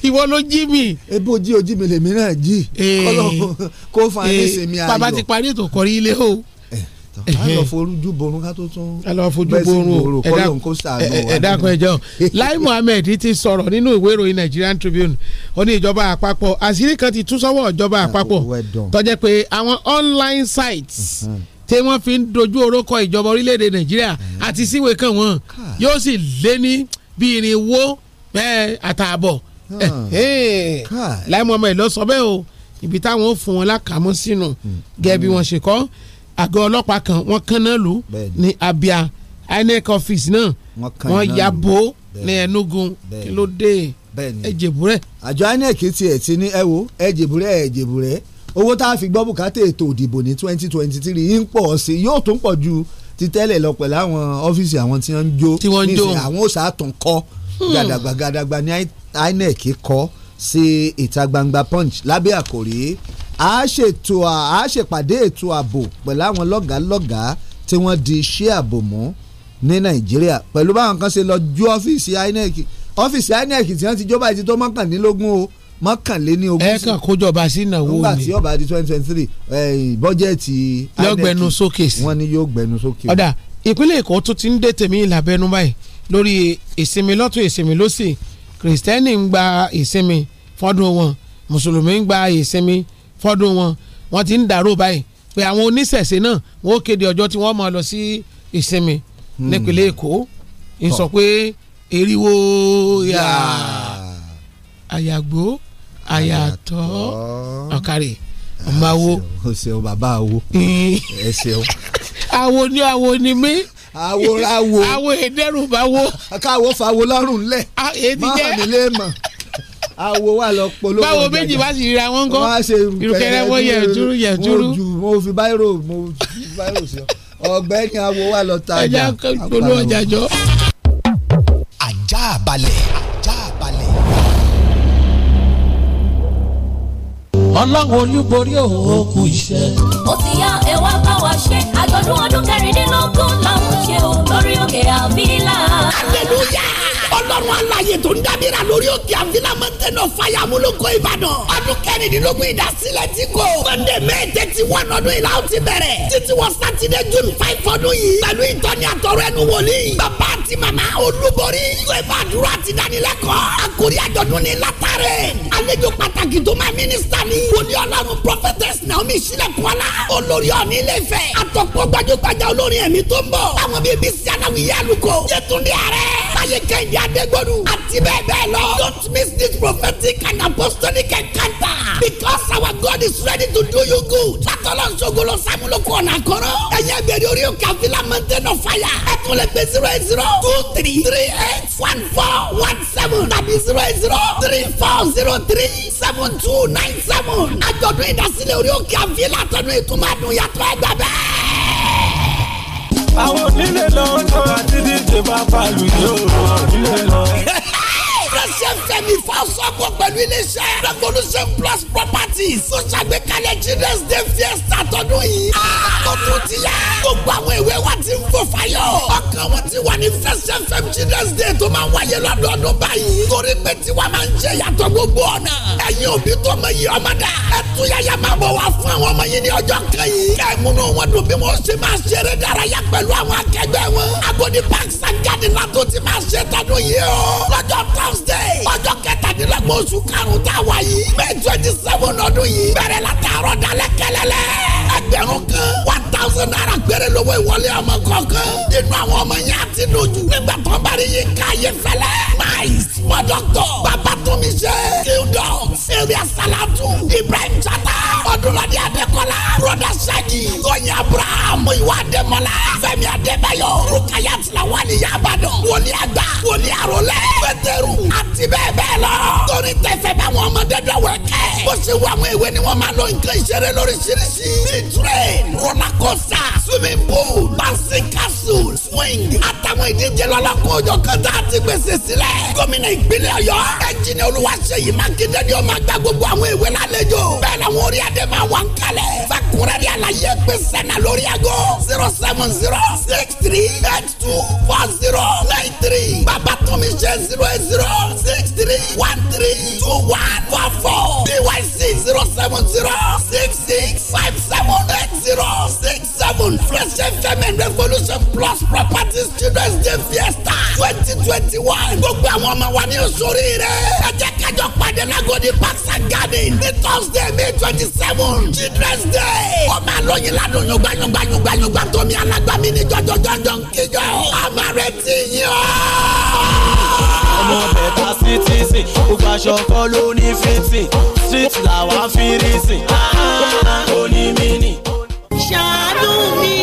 ìwọ ló jí mi. ebo jí ojú mi lèmi náà jí. Eh. kó fa ní eh. sinmi ayọ̀. bàbá ti parí ètò kọrí ilé o tán ká lọ forújú borun ká tó tún bẹ́ẹ̀ sí gbòòrò kọ́ lóun kó sàánú wa. ẹ dákun ẹ jọ̀ọ́ Lai Muhammed ti sọ̀rọ̀ nínú ìwé ìròyìn Nigerian Tribune ó ní ìjọba àpapọ̀ àṣírí kan ti tú sọ́wọ́ ìjọba àpapọ̀ tó jẹ́ pé àwọn online sites mhm. tí wọ́n fi ń dojú orókọ ìjọba orílẹ̀-èdè Nàìjíríà mhm. àti síwèé kan wọn yóò sì lé ní bí irinwó àtààbọ̀ Lai Muhammed ló sọ bẹ́ẹ̀ o ibi táwọn ò fún wọn lákàmú sínú mhm. gẹ́gẹ́ bí wọ́n ṣe kọ́ àgọ́ ọlọ́pàá kan wọ́n kánná lù ní Abia INEC office náà wọ́n ya bo ní Enugu kí ló dé ẹ̀jẹ̀bùrẹ́. àjọ INEC tiẹ̀ ti ní ẹ wo ẹ̀jẹ̀bùrẹ́ ẹ̀jẹ̀bùrẹ́ owó tá a fi gbọ́ bùkátà ètò òdìbò ní twenty twenty three yìí ń pọ̀ sí yóò tún pọ̀ ju ti tẹ́lẹ̀ lọ pẹ̀lú àwọn ọ́fíìsì àwọn tí wọ́n ń jó tí wọ́n ń jó àwọn òṣàtún kọ́ hmm. gàdàgbà gàdàgbà ní INEC kọ́ sí ìta gbangba punch lábẹ́ àkòrí a ṣètò a ṣèpàdé ètò ààbò pẹ̀lú àwọn lọ́gàálọ́gàá tí wọ́n di iṣẹ́ ààbò mú ní nàìjíríà pẹ̀lú báwọn kan ṣe lọ ju ọ́fíìsì inec ọ́fíìsì inec tí wọ́n ti jọba ti tó mọ́kànlélógún o mọ́kànléní ogún sí. ẹ kàn kójọba sí ìnáwó mi. nígbà tí ọba di twenty twenty three eh, bọ́jẹ̀tì inec yóò gbẹnu sókè sí. wọ́n ní yóò gbẹnu sókè. ọ̀dà ìpínlẹ̀ èkó tún ti ń dé tèmi ìlàbẹ́nu báyìí lórí ìsinmi lọ́tún ìsinmi lọ́sì kìrìsìtẹ́nì ń gba ìsinmi fọ́dún wọn mùsùlùmí ń gba ìsinmi fọ́dún wọn wọ́n ti ń dàrú báyìí pé àwọn oníṣẹ̀ṣe náà wọ́n kéde ọjọ́ tí wọ́n máa lọ sí ìsinmi hmm. nípínlẹ̀ Èkó ń sọ pé eriwo yà àyàgbó àyàtọ̀ ọ̀kàrẹ̀ ọmọ awo. o ṣeun bàbá awo ẹ ṣeun. awo ni awo ni mí àwòrán wo àwò ìdẹ́rùbà wo káwo fàwo lọ́rùn lẹ̀ máa mi lè mọ̀ awo wa lọ polówó ọjà báwo méjì bá sì ríra wọn kọ́ ìrùkẹ̀rẹ̀ wọn yẹ̀dúrú yẹ̀dúrú. mo fi báírò mo fi báírò sí ọ ọ̀gbẹ́ni awo wa lọ ta ọjà polówó ọjà jọ. ajá balẹ̀ ọlọ́run olúborí òkú iṣẹ́. ó ti yá ẹ bá wa ṣe àjọ̀dún ọdún kẹrìndínlógún làwọn ṣe ò lórí òkè àbílà. hallelujah ọlọ́run alaye tó ń dábìrà lórí òkè àfihàn mountain of fire amúlòkọ ìbàdàn ọdún kẹrìndínlógún ìdásílẹ̀ ti kò monday may thirty one ọdún ìlà ó ti bẹ̀rẹ̀ títí wọ sátidé june five ọdún yìí pẹ̀lú ìtọ́ni àtọ̀rọ̀ ẹnu wòlíì bàbá àti màmá olúborí. sọ ìfọ àdúrà àti ìdánilẹ́kọ̀ọ́. àkórí àjọ̀dún ni látàrẹ̀. àlejò pàtàkì tó máa mínísítà ni. wòlíì ọlọ́run prophetess naomi sílẹ̀kùnọ́lá. olórí ọ̀ní ilé ìfẹ́. àtọ̀pọ̀ gbajúgbajà olórin ẹ̀mí tó ń bọ̀. àwọn bíi bísí aláwìyé àlùkò. yétúndé ààrẹ. báyé kẹ́hìndé adégbòdu. àti bẹ́ẹ̀ bẹ́ẹ̀ lọ. don't miss this prophetic and apostolic encounter. because our God is ready to do you good. látọ̀lọ́ sogolo sàmúlò kọ̀ọ̀nà kọ́rọ́. ẹ̀yẹ́ bẹ̀rẹ̀ orí òkè àfilà two three three eight one four one seven tàbí zero zero three four zero three seven two nine seven. àjọ̀dún ìdásílẹ̀ orí òkè àfihàn látọ̀nù ìtumọ̀ àdùn yàtọ̀ ẹgbẹ́ bẹ́ẹ̀. àwọn onílé lọ ń lọ àti díje bá balùwẹ̀ yóò lọ onílé lọ fresh fm ìfọwọ́sọ́pọ̀ pẹ̀lú iléeṣẹ́ revolution plus properties tó ṣàgbékalẹ̀ children's day fiesta tọdún yìí. Ah! ó tún ti yá. gbogbo àwọn ìwé wa ti ń fò fáyọ̀. ọkàn wọn ti wà ní fresh fm children's day tó máa ń wáyé lọ́dọọdún báyìí. torí pé tiwa máa ń ṣe yàtọ̀ gbogbo ọ̀nà. ẹ̀yin òbí tó mọ iye ọmọ dà. ẹ tún yáyà máa bọ̀ wá fún àwọn ọmọ yìí ní ọjọ́ kan yìí. kẹ́ ẹ̀ múnú wọn dùn bí wọ́n ṣe máa ṣeré dárayá pẹ̀lú àwọn akẹgbẹ́ wọn. Agodi parks and garden látó ti máa ṣe tọdún yìí o. lọ́jọ́ tọ́s tuesday ọjọ́ kẹtàdínlọ́gbọ̀n oṣù karùn-ún tá a wà yìí may twenty seven ọdún yìí bẹ̀rẹ̀ la tààrọ̀ dalẹ̀ kẹlẹ́lẹ́ ẹgbẹ̀rún kan one thousand naira péré lówó ìwọlé ọmọ kọ̀ọ̀kan nínú àwọn ọmọ yẹn àti lójú nígbà tó ń bá rí ká yé fẹ́lẹ́ mice wọ́n dọ́kítọ̀ babatumise kildom sylvia salatu ibrahim chata ọdúnlọ́dẹ adékọ́lá broda sagi kọ́nyà abraham ìwà adémọ́lá fẹ́mi adébáyọ̀ rukayat lawali yabadan wòlíàgbà wòlíàrólẹ̀ pẹ́tẹ́rù àti bẹ́ẹ̀ bẹ́ẹ̀ lọ. torí tẹ̀sẹ̀ báwọn ọmọdé dọ̀wẹ́ kẹ́. bó ṣe wọ àwọn ìwé ni wọ́n máa lo nǹkan ìṣeré lóríṣiríṣi. bíi train roller coaster swimming pool dancing castle swing. àtàwọn ìdíje lọ́lọ́kọ̀ òjò kan tá a ti gbèsè sílẹ̀. gómìnà ìpínlẹ̀ ọ̀yọ́ ẹnjìnì olúwaṣeyì mákindé ni ó máa gba gbogbo àwọn ìwé lálejò. bẹ́ẹ̀ làwọn orí adé máa wà ń kalẹ̀. fakurẹ́rì àlàyé pé sẹ́nà lórí ago zero seven zero six three eight two four zero nine three. bàbá tó mi ṣe zero eight zero four six three one three two one four four six zero seven zero six six five seven eight zero six seven fresh fm and revolution plus properties children's day fiesta twenty twenty one gbogbo àwọn ọmọ wa ní oṣooṣi rẹ ẹ jẹ́ kájọ pàdé lágòdì pàṣẹ garden ní thursday may twenty seven children's day ó máa lóyin ládùn yọgbanyọgbanyọgbanyọgba tómi alágbàmí ní jọjọjọjọ ń kíjọ àmàrẹ tì yín o. fitting gbogbo aṣọ kọ́ ló ní fitting street làwa fi rí sìn ah, ah, onímìnì. ṣàánú mi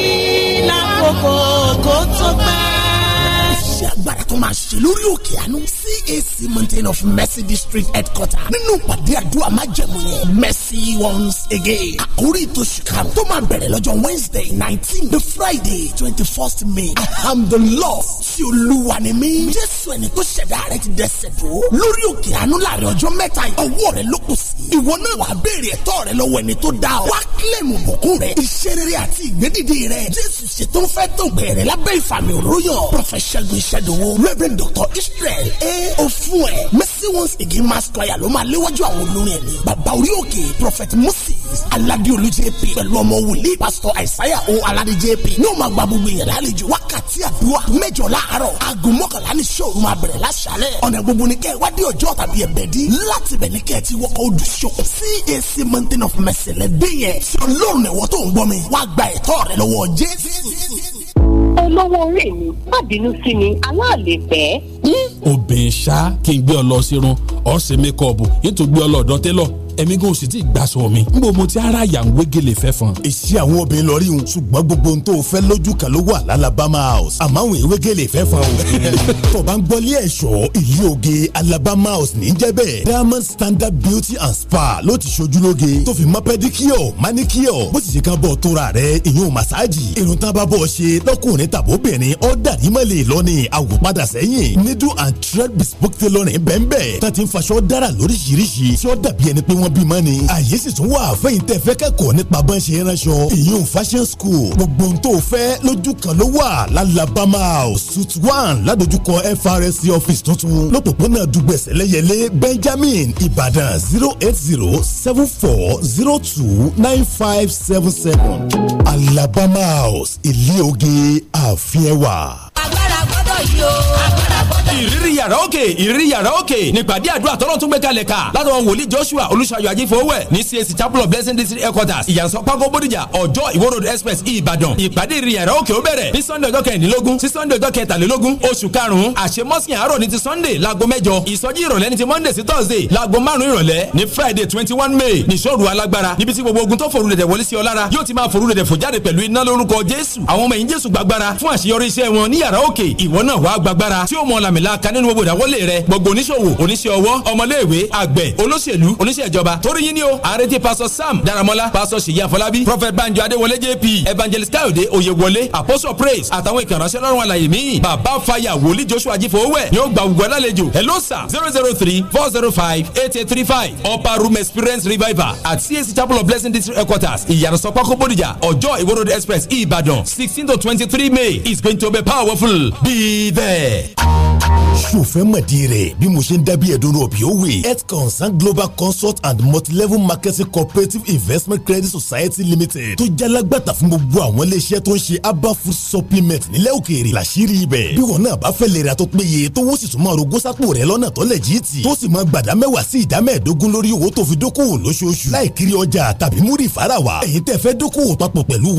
lákòókò kó tó pẹ́. ṣé agbára tó máa ṣe lórí òkè àánú sí AC Mountain of Mercy District headquarter nínú ìpàdé àdúrà májẹ̀mú yẹn mercy once again àkórí ìtòsí karùn tó máa bẹ̀rẹ̀ lọ́jọ́ Wednesday nineteen the Friday twenty first May alhamdulilah tí olúwa ni mí Jésù ẹni tó ṣẹ̀dá rẹ̀ ti dẹ̀sẹ̀ tó lórí òkè àánú láàrin ọjọ́ mẹ́ta ọwọ́ rẹ̀ ló kù sí ìwọ náà wàá béèrè ẹ̀tọ́ rẹ̀ lọ́wọ́ ẹni tó dá ọ wá kílẹ̀mù bùkún rẹ̀ iṣẹ́ rere àti ìgbédìde rẹ̀ Jésù ṣètò ń fẹ́ tó bẹ̀rẹ̀ lábẹ́ ìfàmì òróyàn Prọfẹ̀sẹ̀gun Ìṣẹ́dọ̀wọ́ Rẹ́vẹ̀rẹ̀ Dr Israel A ó fún ẹ mercy once again mass choir ló máa léwájú àwọn olórin ẹ̀mí bàbá orí òkè prophet moses aládé olú jp pẹ̀lú ọmọ wòlíì pastor àìsáyà o aládé jp ní o máa gba gbogbo ìyẹn lálejò wákàtí àdúrà mẹ́jọ láàárọ̀ aago mọ́kànlá ní sọ́ọ̀rù máa bẹ̀rẹ̀ láṣálẹ̀ ọ̀nà gbogbo ní kẹ́ wádìí ọjọ́ tàbí ẹ̀bẹ̀ dí láti bẹ̀ ní kẹ́ ti wọkọ̀ odù ṣokùn cac mountain of mercy lẹ́dẹ̀yẹ tí ọlọ́run ẹ̀wọ́ tó ń gbọ́ mi wá gba ẹ̀tọ́ rẹ lọ́wọ́ jésù olówó orí mi má bínú sí mi aláàlè pẹ́. obìnrin ṣá kí n gbé ọ lọ sírun ọ̀sẹ̀ mẹ́kọ̀ọ̀bù ètò gbé ọ lọ ọ̀dọ́ èmi gan òsì tí gbàsọ mi nbọ mo ti ara yà ń wégele fẹ́ fan. èsì àwọn obìnrin lọ rí wọn ṣùgbọ́n gbogbo ohun tó fẹ́ lójú kan ló wà l'Alabama house àmọ́ àwọn ìwégele fẹ́ fan o. *laughs* tọ́ba ń gbọ́lé ẹ̀ṣọ́ ìlú oge Alabama house ní jẹ́bẹ̀ Diamond Standard Beauty and Spa ló ti ṣojú lóge tó fi mọ́ pẹ́díkíọ̀ máníkíọ̀ bó ti ṣe ká bọ̀ tóra rẹ̀ ìyún màsáàjì irun tá a bá bọ̀ ṣe lọ́kùnrin tàbóbìnrin ó dàrí mọ́ lè lọ ní àwòpadà sẹ́yìn needle and thread bespoke tailoring bẹ́ẹ̀ bẹ́ẹ̀ tá ti ń faṣọ dára lóríṣiríṣi tí ó dàbí ẹni pé wọ́n máa bímọ ni. àyè sì tún wà fẹ́yìn tẹ́ fẹ́ kẹ́kọ̀ọ́ nípa bọ́n ṣe ránṣọ. ìyún fashion school gbogbo ohun tó fẹ́ lójú kan ló wà lálàbámà house suit one ládojúkọ FRSC office tuntun lọ́pọ̀pọ̀nà dùgbẹ̀sẹ̀ lẹ́yẹlé Benjamin Ìbàdàn zero eight zero seven four zero two nine five seven seven alabama house ilé oge àfihàn wà yìí o. ìrírí yàrá òkè ìrírí yàrá òkè nípàdé àdúrà tọ́lọ́ tún gbé kalẹ̀ ká látọ̀wọ̀n wòlíì Joshua Olúṣayọ̀ ajífowówẹ̀ ní CAC chapel of blessing district headquarters ìyànsọ́ pákó bódìjà ọjọ́ ìwó road express Ìbàdàn ìpàdé ìrírí yàrá òkè ó bẹ̀rẹ̀ ní Sunday ọjọ́ kẹrìndínlógún sí Sunday ọjọ́ kẹtàlélógún oṣù karùn-ún àṣemọ́sìn àárọ̀ ní ti Sunday láago mẹ́jọ ìsọjí ìrọ̀lẹ́ ní ti Monday sí Thursday láago márùn-ún ìrọ̀lẹ́ ní Friday twenty one May níṣòro alágbára níbi tí gbogbo ogun tó forúdẹ̀dẹ̀ wọlé sí ọ lára yóò ti máa forúdẹ̀dẹ̀ fòjáde pẹ̀lú iná lórúkọ Jésù àwọn ọmọ ẹ̀yìn Jésù náà wàá gbagbára tí ó mọ làmìlaka nínú gbogbo ìdáwọlé rẹ gbogbo oníṣòwò oníṣẹ́ ọwọ́ ọmọléèwé àgbẹ̀ olóṣèlú oníṣẹ́ ìjọba torí yín ni o àrètí pásọ sam daramọlá pásọ ṣèyí àfọlábí prophet banjo adéwọlé jp evangelist káyọ̀dé oyèwọlé apostle praise àtàwọn ìkànnì ọlọ́run àlàyé míì bàbá fàyà wòlí joshua jífowówẹ̀ yóò gba ògùn alálejò hello sir zero zero three four zero five eight eight three five upper room experience revival at cac chapel of blessing district headquarters ìyàrá bòdìjà ọjọ́ ìwó express ìbàdàn sixteen to twenty-three may is going to be powerful bíi. temas ṣòfẹ́ mọ̀dí rẹ̀ bí mo ṣe ń dábìí ẹ̀dùnrún ọ̀bì ó wè health consult global consult and multilevel marketing cooperative investment credit society limited tó jalagbàtà fún gbogbo àwọn iléeṣẹ́ tó ń ṣe herbal food supplement nílẹ̀ òkèèrè làṣírí ibẹ̀ bí wọn náà bá fẹ́ lè ra tó péye tó wọ́n sì tún máa rogó sápò rẹ̀ lọ́nà tó lẹ̀ jí tì tó sì máa gbàdá mẹ́wàá sí ìdá mẹ́ẹ̀ẹ́dógún lórí owó tó fi dókòwò lóṣooṣù láìkiri ọjà tàbí múrì fara wa ẹ̀yin tẹ́ fẹ́ dókòwò papọ̀ pẹ̀lú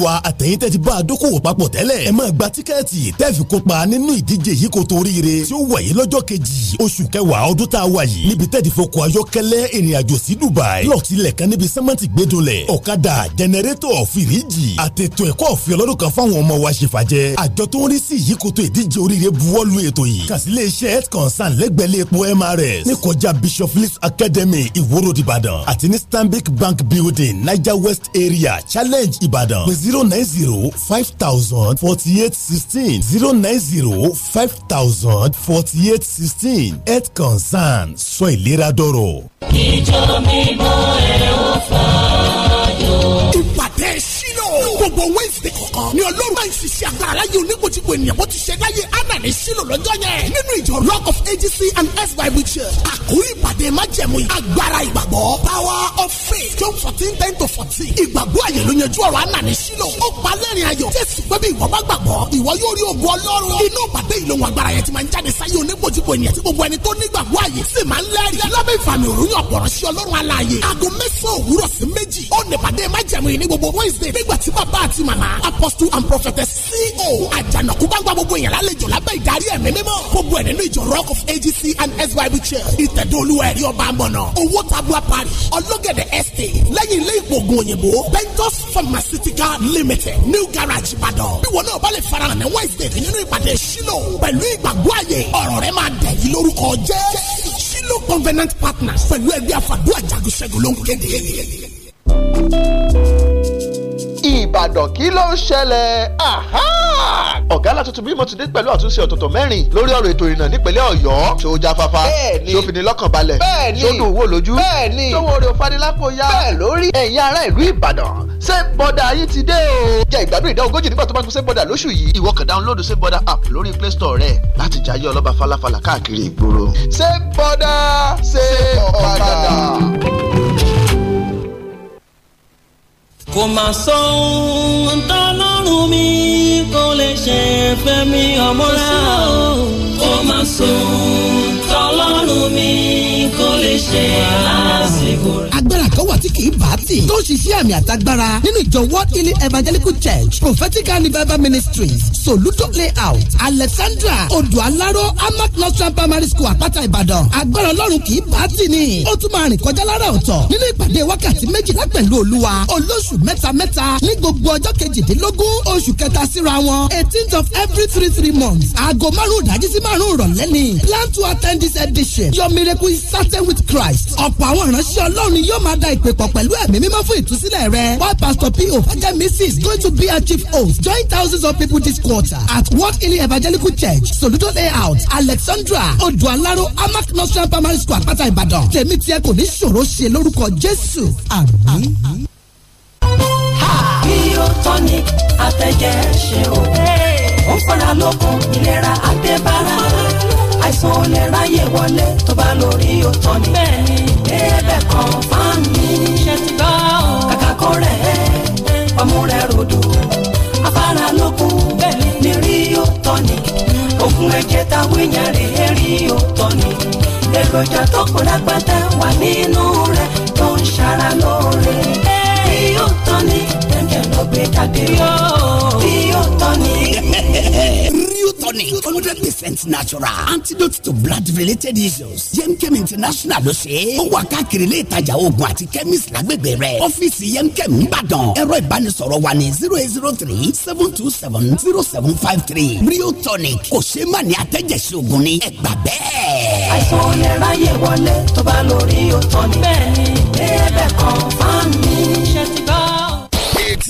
tí ó wáyé lọ́jọ́ kejì oṣù kẹwàá ọdún tá a wà yìí níbi tẹ́ẹ̀dì fọkọ̀ ayọ́kẹ́lẹ́ ìrìnàjò sí Dubai lọ́ọ̀tì lẹ̀kan níbi sẹ́mẹ́ǹtì gbẹdọ̀lẹ̀ ọ̀kadà jẹnẹrétọ̀ fìríjì àtẹ̀tọ̀ ẹ̀kọ́ ọ̀fìn ọlọ́dún kan fáwọn ọmọ wa ṣèfàjẹ́ àjọ tó ń rí sí ìyíkoto ìdíje oríire buwọ́lu ètò yìí kàsílẹ̀ iṣẹ́ health concern lẹ́gbẹ̀lẹ́ epo MRS ní kọjá Bishop Phillips Academy ìwòrò Ìbàdàn àti ní Stanbic Bank Building Niger West Area Challenge Ìbàdàn pé zero nine zero five thousand forty eight sixteen zero nine zero five thousand forty eight sixteen health concern sọ ìlera dọ̀rọ̀. ìjọ mímọ́ ẹ̀ ó fàájò. ìpàdé sílò gbogbo wednesday kan ni ọlọ́run máa ń ṣiṣẹ́ agbára láyé oníkojúkọ ènìyàn bó ti ṣe láyé ana sílò lọ́jọ́ yẹn nínú ìjọ rock of ages and s bible church àkórí ìpàdé májẹ̀mú agbára ìgbàgbọ́ power of faith john fourteen ten to fourteen ìgbàgbọ́ àyè ló yanjú ọ̀rọ̀ ana sílò ó pa lẹ́rìn ayọ̀ jésù pé bí ìwọ bá gbàgbọ́ ìwọ yóò rí ògo ọlọ́run inú ìpàdé ìlòhùn agbára yẹn ti máa ń jáde sáyé oníkojúkọ ènìyàn tí gbogbo ẹni tó nígbàgbọ́ àyè sì máa ń lẹ́rìn lábẹ́ ìfàmì òrùn ọ̀pọ̀rọ̀ sí ọlọ́run alààyè aago mẹ́sàn-án òwúrọ̀ sí méjì ó apostle and prophetess CEO àjànàkú bá ń gba gbogbo èèyàn lálejò lábẹ́ ìdarí ẹ̀mí mímọ́ gbogbo ẹ̀ nínú ìjọ rock of AGC and SYB chair. ìtẹ̀dọ́lúwa ẹ̀rí ọba àmọ̀nà owó tabua parí ọlọ́gẹ̀dẹ̀ estate lẹ́yìn ilé ìpògùn òyìnbó Bentos pharmaceutical limited new garage Ìbàdàn bí wọn náà bá lè farahàn ní Wednesday nínú ìpàdé Shilo pẹ̀lú ìgbàgbọ́ àyè ọ̀rọ̀ rẹ máa dẹ̀ yí lórúkọ jẹ́ Shilo covenant partners pẹ̀lú ẹgbẹ́ àfàdúrà jagunṣẹ́gun ló ń kéde ìbàdàn kí ló ń ṣẹlẹ̀ ọ̀gá alátuntun bímọ ti dé pẹ̀lú àtúnṣe ọ̀tọ̀tọ̀ mẹ́rin lórí ọ̀rọ̀ ètò ìrìnnà nípínlẹ̀ ọ̀yọ́ ṣó jáfáfá ṣó fini lọ́kàn balẹ̀ ṣó dùn wò lójú ṣó wo orí òfanilápò ya bẹ́ẹ̀ lórí ẹ̀yin ará ìlú ìbàdàn ṣé bọ́dà yìí ti dé o. jẹ́ ìgbádùn ìdá ogójì nígbà tó bá ń ṣe bọ́dà lóṣù yìí ìwọ kan dáńlódù ṣé bọ́dà app lórí play store rẹ láti jayé ọlọ́ba falafala káàkiri ìgboro. ṣé bọ́dà ṣé ọ̀kadà. kò mà sọ ohun tọ́lọ́run mi kò lè ṣe fẹ́ mi ọmọ rẹ̀ o. kò mà sọ ohun tọ́lọ́run mi kò lè ṣe lásìkò rẹ̀. agbára kan wà tí kì í bá Christi tó ń ṣiṣẹ́ àmì àtagbára nínú ìjọ World Healing Evangelical Church Prophetic and Revival Ministries Soludo Layout Alexandra Odualaro Amak Nursery Primary School Àpáta Ìbàdàn agbára ọlọ́run kì í bá tì ní ó tún máa rìn kọjá lára ọ̀tọ̀ nínú ìpàdé wákàtí méjìlá pẹ̀lú Olúwa olóṣù mẹ́tamẹ́ta ní gbogbo ọjọ́ kejìdínlógún oṣù kẹta síra wọn eighteenth of every three three months aago márùn-ún ìdájí sí márùn-ún ìrọ̀lẹ́ ni plan to attend this edition your miracle is certain with Christ ọ̀pọ̀ àwọn ìránṣẹ́ ọlọ́run yóò máa da ìpè pọ̀ pẹ̀lú ẹ̀mí ẹ̀mí mímọ́ fún ìtúsílẹ̀ rẹ why pastor po fajẹ mrs going to be our chief host join thousands of people this quarter at world healing evangelical church soludo layout alexandra odualaro amak nursery primary school àpáta ìbàdàn tèmi tiẹ̀ kò ní ṣòro ṣe lórúkọ jésù àìsàn olè ráyè wọlé tó bá lórí òtọ́ ni bẹ́ẹ̀ kan fáàmì ọkọ rẹ̀ ọmú rẹ̀ rodò afárá lókun ní rio tonic ògùn ẹ̀jẹ̀ ta wíyàn rèé rio tonic èròjà tó kù lágbàtà wà nínú rẹ̀ tó ń ṣara lóore rio tonic ẹ̀jẹ̀ ló gbé jáde rẹ̀. warning hundred percent natural antidote to blood related issues yemkem international ló ṣe é ó wà káàkiri ilé ìtajà oògùn àti chemist lágbègbè rẹ ọ́fíìsì yemkem nìbàdàn ẹ̀rọ ìbánisọ̀rọ̀ wà ní zero eight zero three seven two seven zero seven five three rio tonic kò ṣe é ní atẹ́jẹsí oògùn ni ẹ gbà bẹ́ẹ̀. àìsàn olè ráyè wọlé tó bá lórí ó tọ́ bẹ́ẹ̀ ni ẹ̀ẹ́dẹ̀ kan fáàmì ṣe ti bá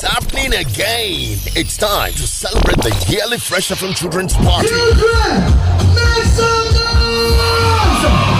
It's happening again. It's time to celebrate the yearly Fresh from Children's Party. Children, make some noise!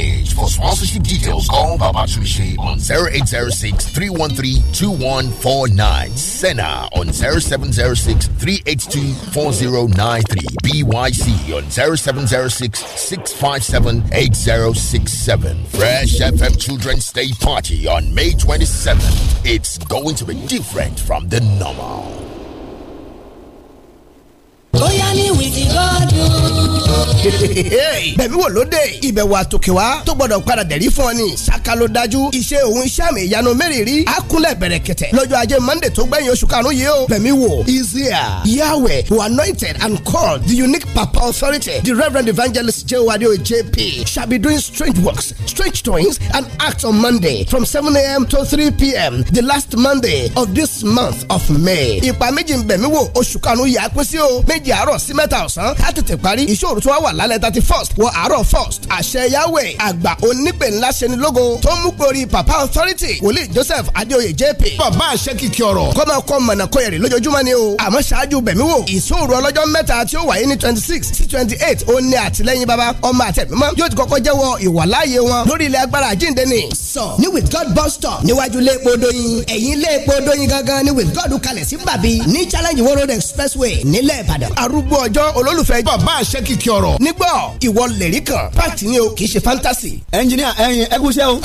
for sponsorship details, call Baba Chumishe on 0806 313 Senna on 0706 BYC on 0706 657 Fresh FM Children's Day Party on May 27th. It's going to be different from the normal. journey with God. bẹ̀mí wò ló dé ìbẹ̀wò àtòkè wá tó gbọ́dọ̀ padà dẹ̀rí fún ọ ni ṣáká ló dájú iṣẹ́ òun iṣẹ́ àmì ìyanu mẹ́rìírí àkúnlẹ̀ bẹ̀rẹ̀ kẹtẹ̀ lọ́jọ́ ajé monde tó gbẹ̀yìn oṣù karùn-ún yìí o bẹ̀mí wò easier Yahweh who anointed and called the unique papa authority the reverend evangelist J.O. Adio J.P. shall be doing strange works strange doings and acts on Monday from seven a.m. to three p.m. the last Monday of this month of May ìpàméjì bẹ̀mí wò oṣù karùn-ún yìí àpèsè o méjì àárọ̀ sí mẹ́ta ọ̀sán á tètè parí ìṣòro tó wá wà lálẹ́ thirty first wọ àárọ̀ first àṣẹ yahweh àgbà onípè ńlá ṣeni lógo tó ń mú pori papa authority wòlíì joseph adéoyè jp. bàbá àṣẹ kìkì ọ̀rọ̀ kọ́mọ kọ́ mọ̀nà kọ́yẹ̀rì lójoojúmọ́ ni o àmọ́ ṣáájú bẹ̀mí wò ìṣòro ọlọ́jọ́ mẹ́ta tí ó wáyé ní twenty six sí twenty eight ó ní àtìlẹ́yìn baba ọmọ àtẹ̀mímọ́ yóò ti kọ́kọ́ jẹ́wọ́ ìwàláyé wọn lórí ilẹ̀ agbára àjíǹde ni. sọ ní with god bus stop níwájú léèpo doyin ẹ̀yìn léèpo doyin gangan ní with god kalẹ̀ sí bàbí ní challenge world expressway nílẹ̀ ìbàdàn. arúgbó gbogbo ọjọ́ olólùfẹ́ bàbá àṣẹ kìkì ọ̀rọ̀ nígbà ìwọ lẹ̀rí kan pàtì ni o kì í ṣe fantasy. ẹnjiníà ẹyin ẹgúnṣẹ́ o.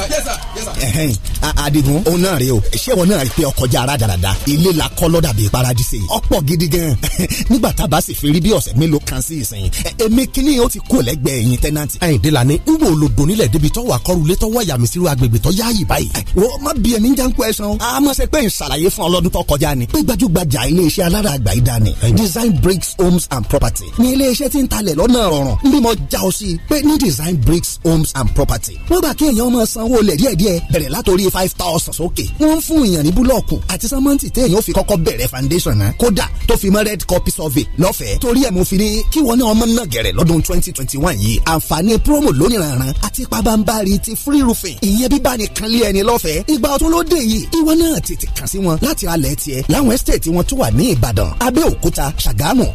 adigun òun náà rèé o ṣé ìwọ náà rí pé ọkọ̀ já ara dáradá ilé la kọ́ lọ́dà bíi paradise ọ̀pọ̀ gidi gan *laughs* nígbà tá a bá sì fi rí bí ọ̀sẹ̀ mélòó kan sí ìsìn èmi kíní ó ti kó lẹ́gbẹ̀ẹ́ yín tẹ́nanti. Àyìndé la ní n wò ló dùn nílẹ̀ débi tọ́wọ́ akọ́rùlé tọ́wọ́ yàmísírù agbègbè tọ́ yáàyè báyìí. wọ́n má bí ẹni jẹ́ ń kó ẹ a máa ṣe pé ń ṣàlàyé fún ọlọ́dún tó kọjá ni. pé gbajúgbajà ilé iṣẹ́ alára àgbà yìí dání. Design Bricks Homes and property ní iléeṣẹ́ tí ń talẹ̀ lọ́nà ọ̀ràn ń bímọ já ọ sí pé ní design bricks homes and property wọ́n gbà kí èèyàn máa sanwó lẹ̀ díẹ̀díẹ̀ bẹ̀rẹ̀ látòrí five thousand sókè wọ́n ń fún èèyàn ní búlọ́ọ̀kù àti sẹ́mọ́ǹtì tí èèyàn fi kọ́kọ́ bẹ̀rẹ̀ foundation náà kódà tó fi mọ́ red copy survey lọ́fẹ̀ẹ́ torí ẹ̀ mo fi ní kí wọ́n ní ọmọ náà gẹ̀rẹ̀ lọ́dún twenty twenty one yìí àǹfààní promo lóníranran àti pabambari ti free roofing ìyẹn bíbá ni kan lé ẹni lọ́fẹ̀ẹ́ ìgbà ọ̀tún ló dé yìí ìwọ náà tètè kàn estate wọn tó wà ní Ìbàdàn Abẹ́òkúta Ṣàgámù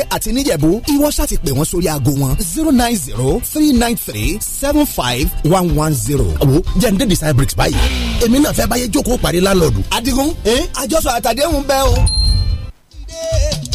lọ́yẹ́ àti níjẹ̀bú ìwọ ṣáà ti pè wọ́n sórí aago wọn zero nine zero three nine three seven five one one zero. àwo jẹ́ ǹdẹ́ side bricks báyìí èmi náà fẹ́ báyé jókòó parí lálọ́ọ̀dù. adigun àjọsọ àtàdéhùn bẹ́ẹ̀ o.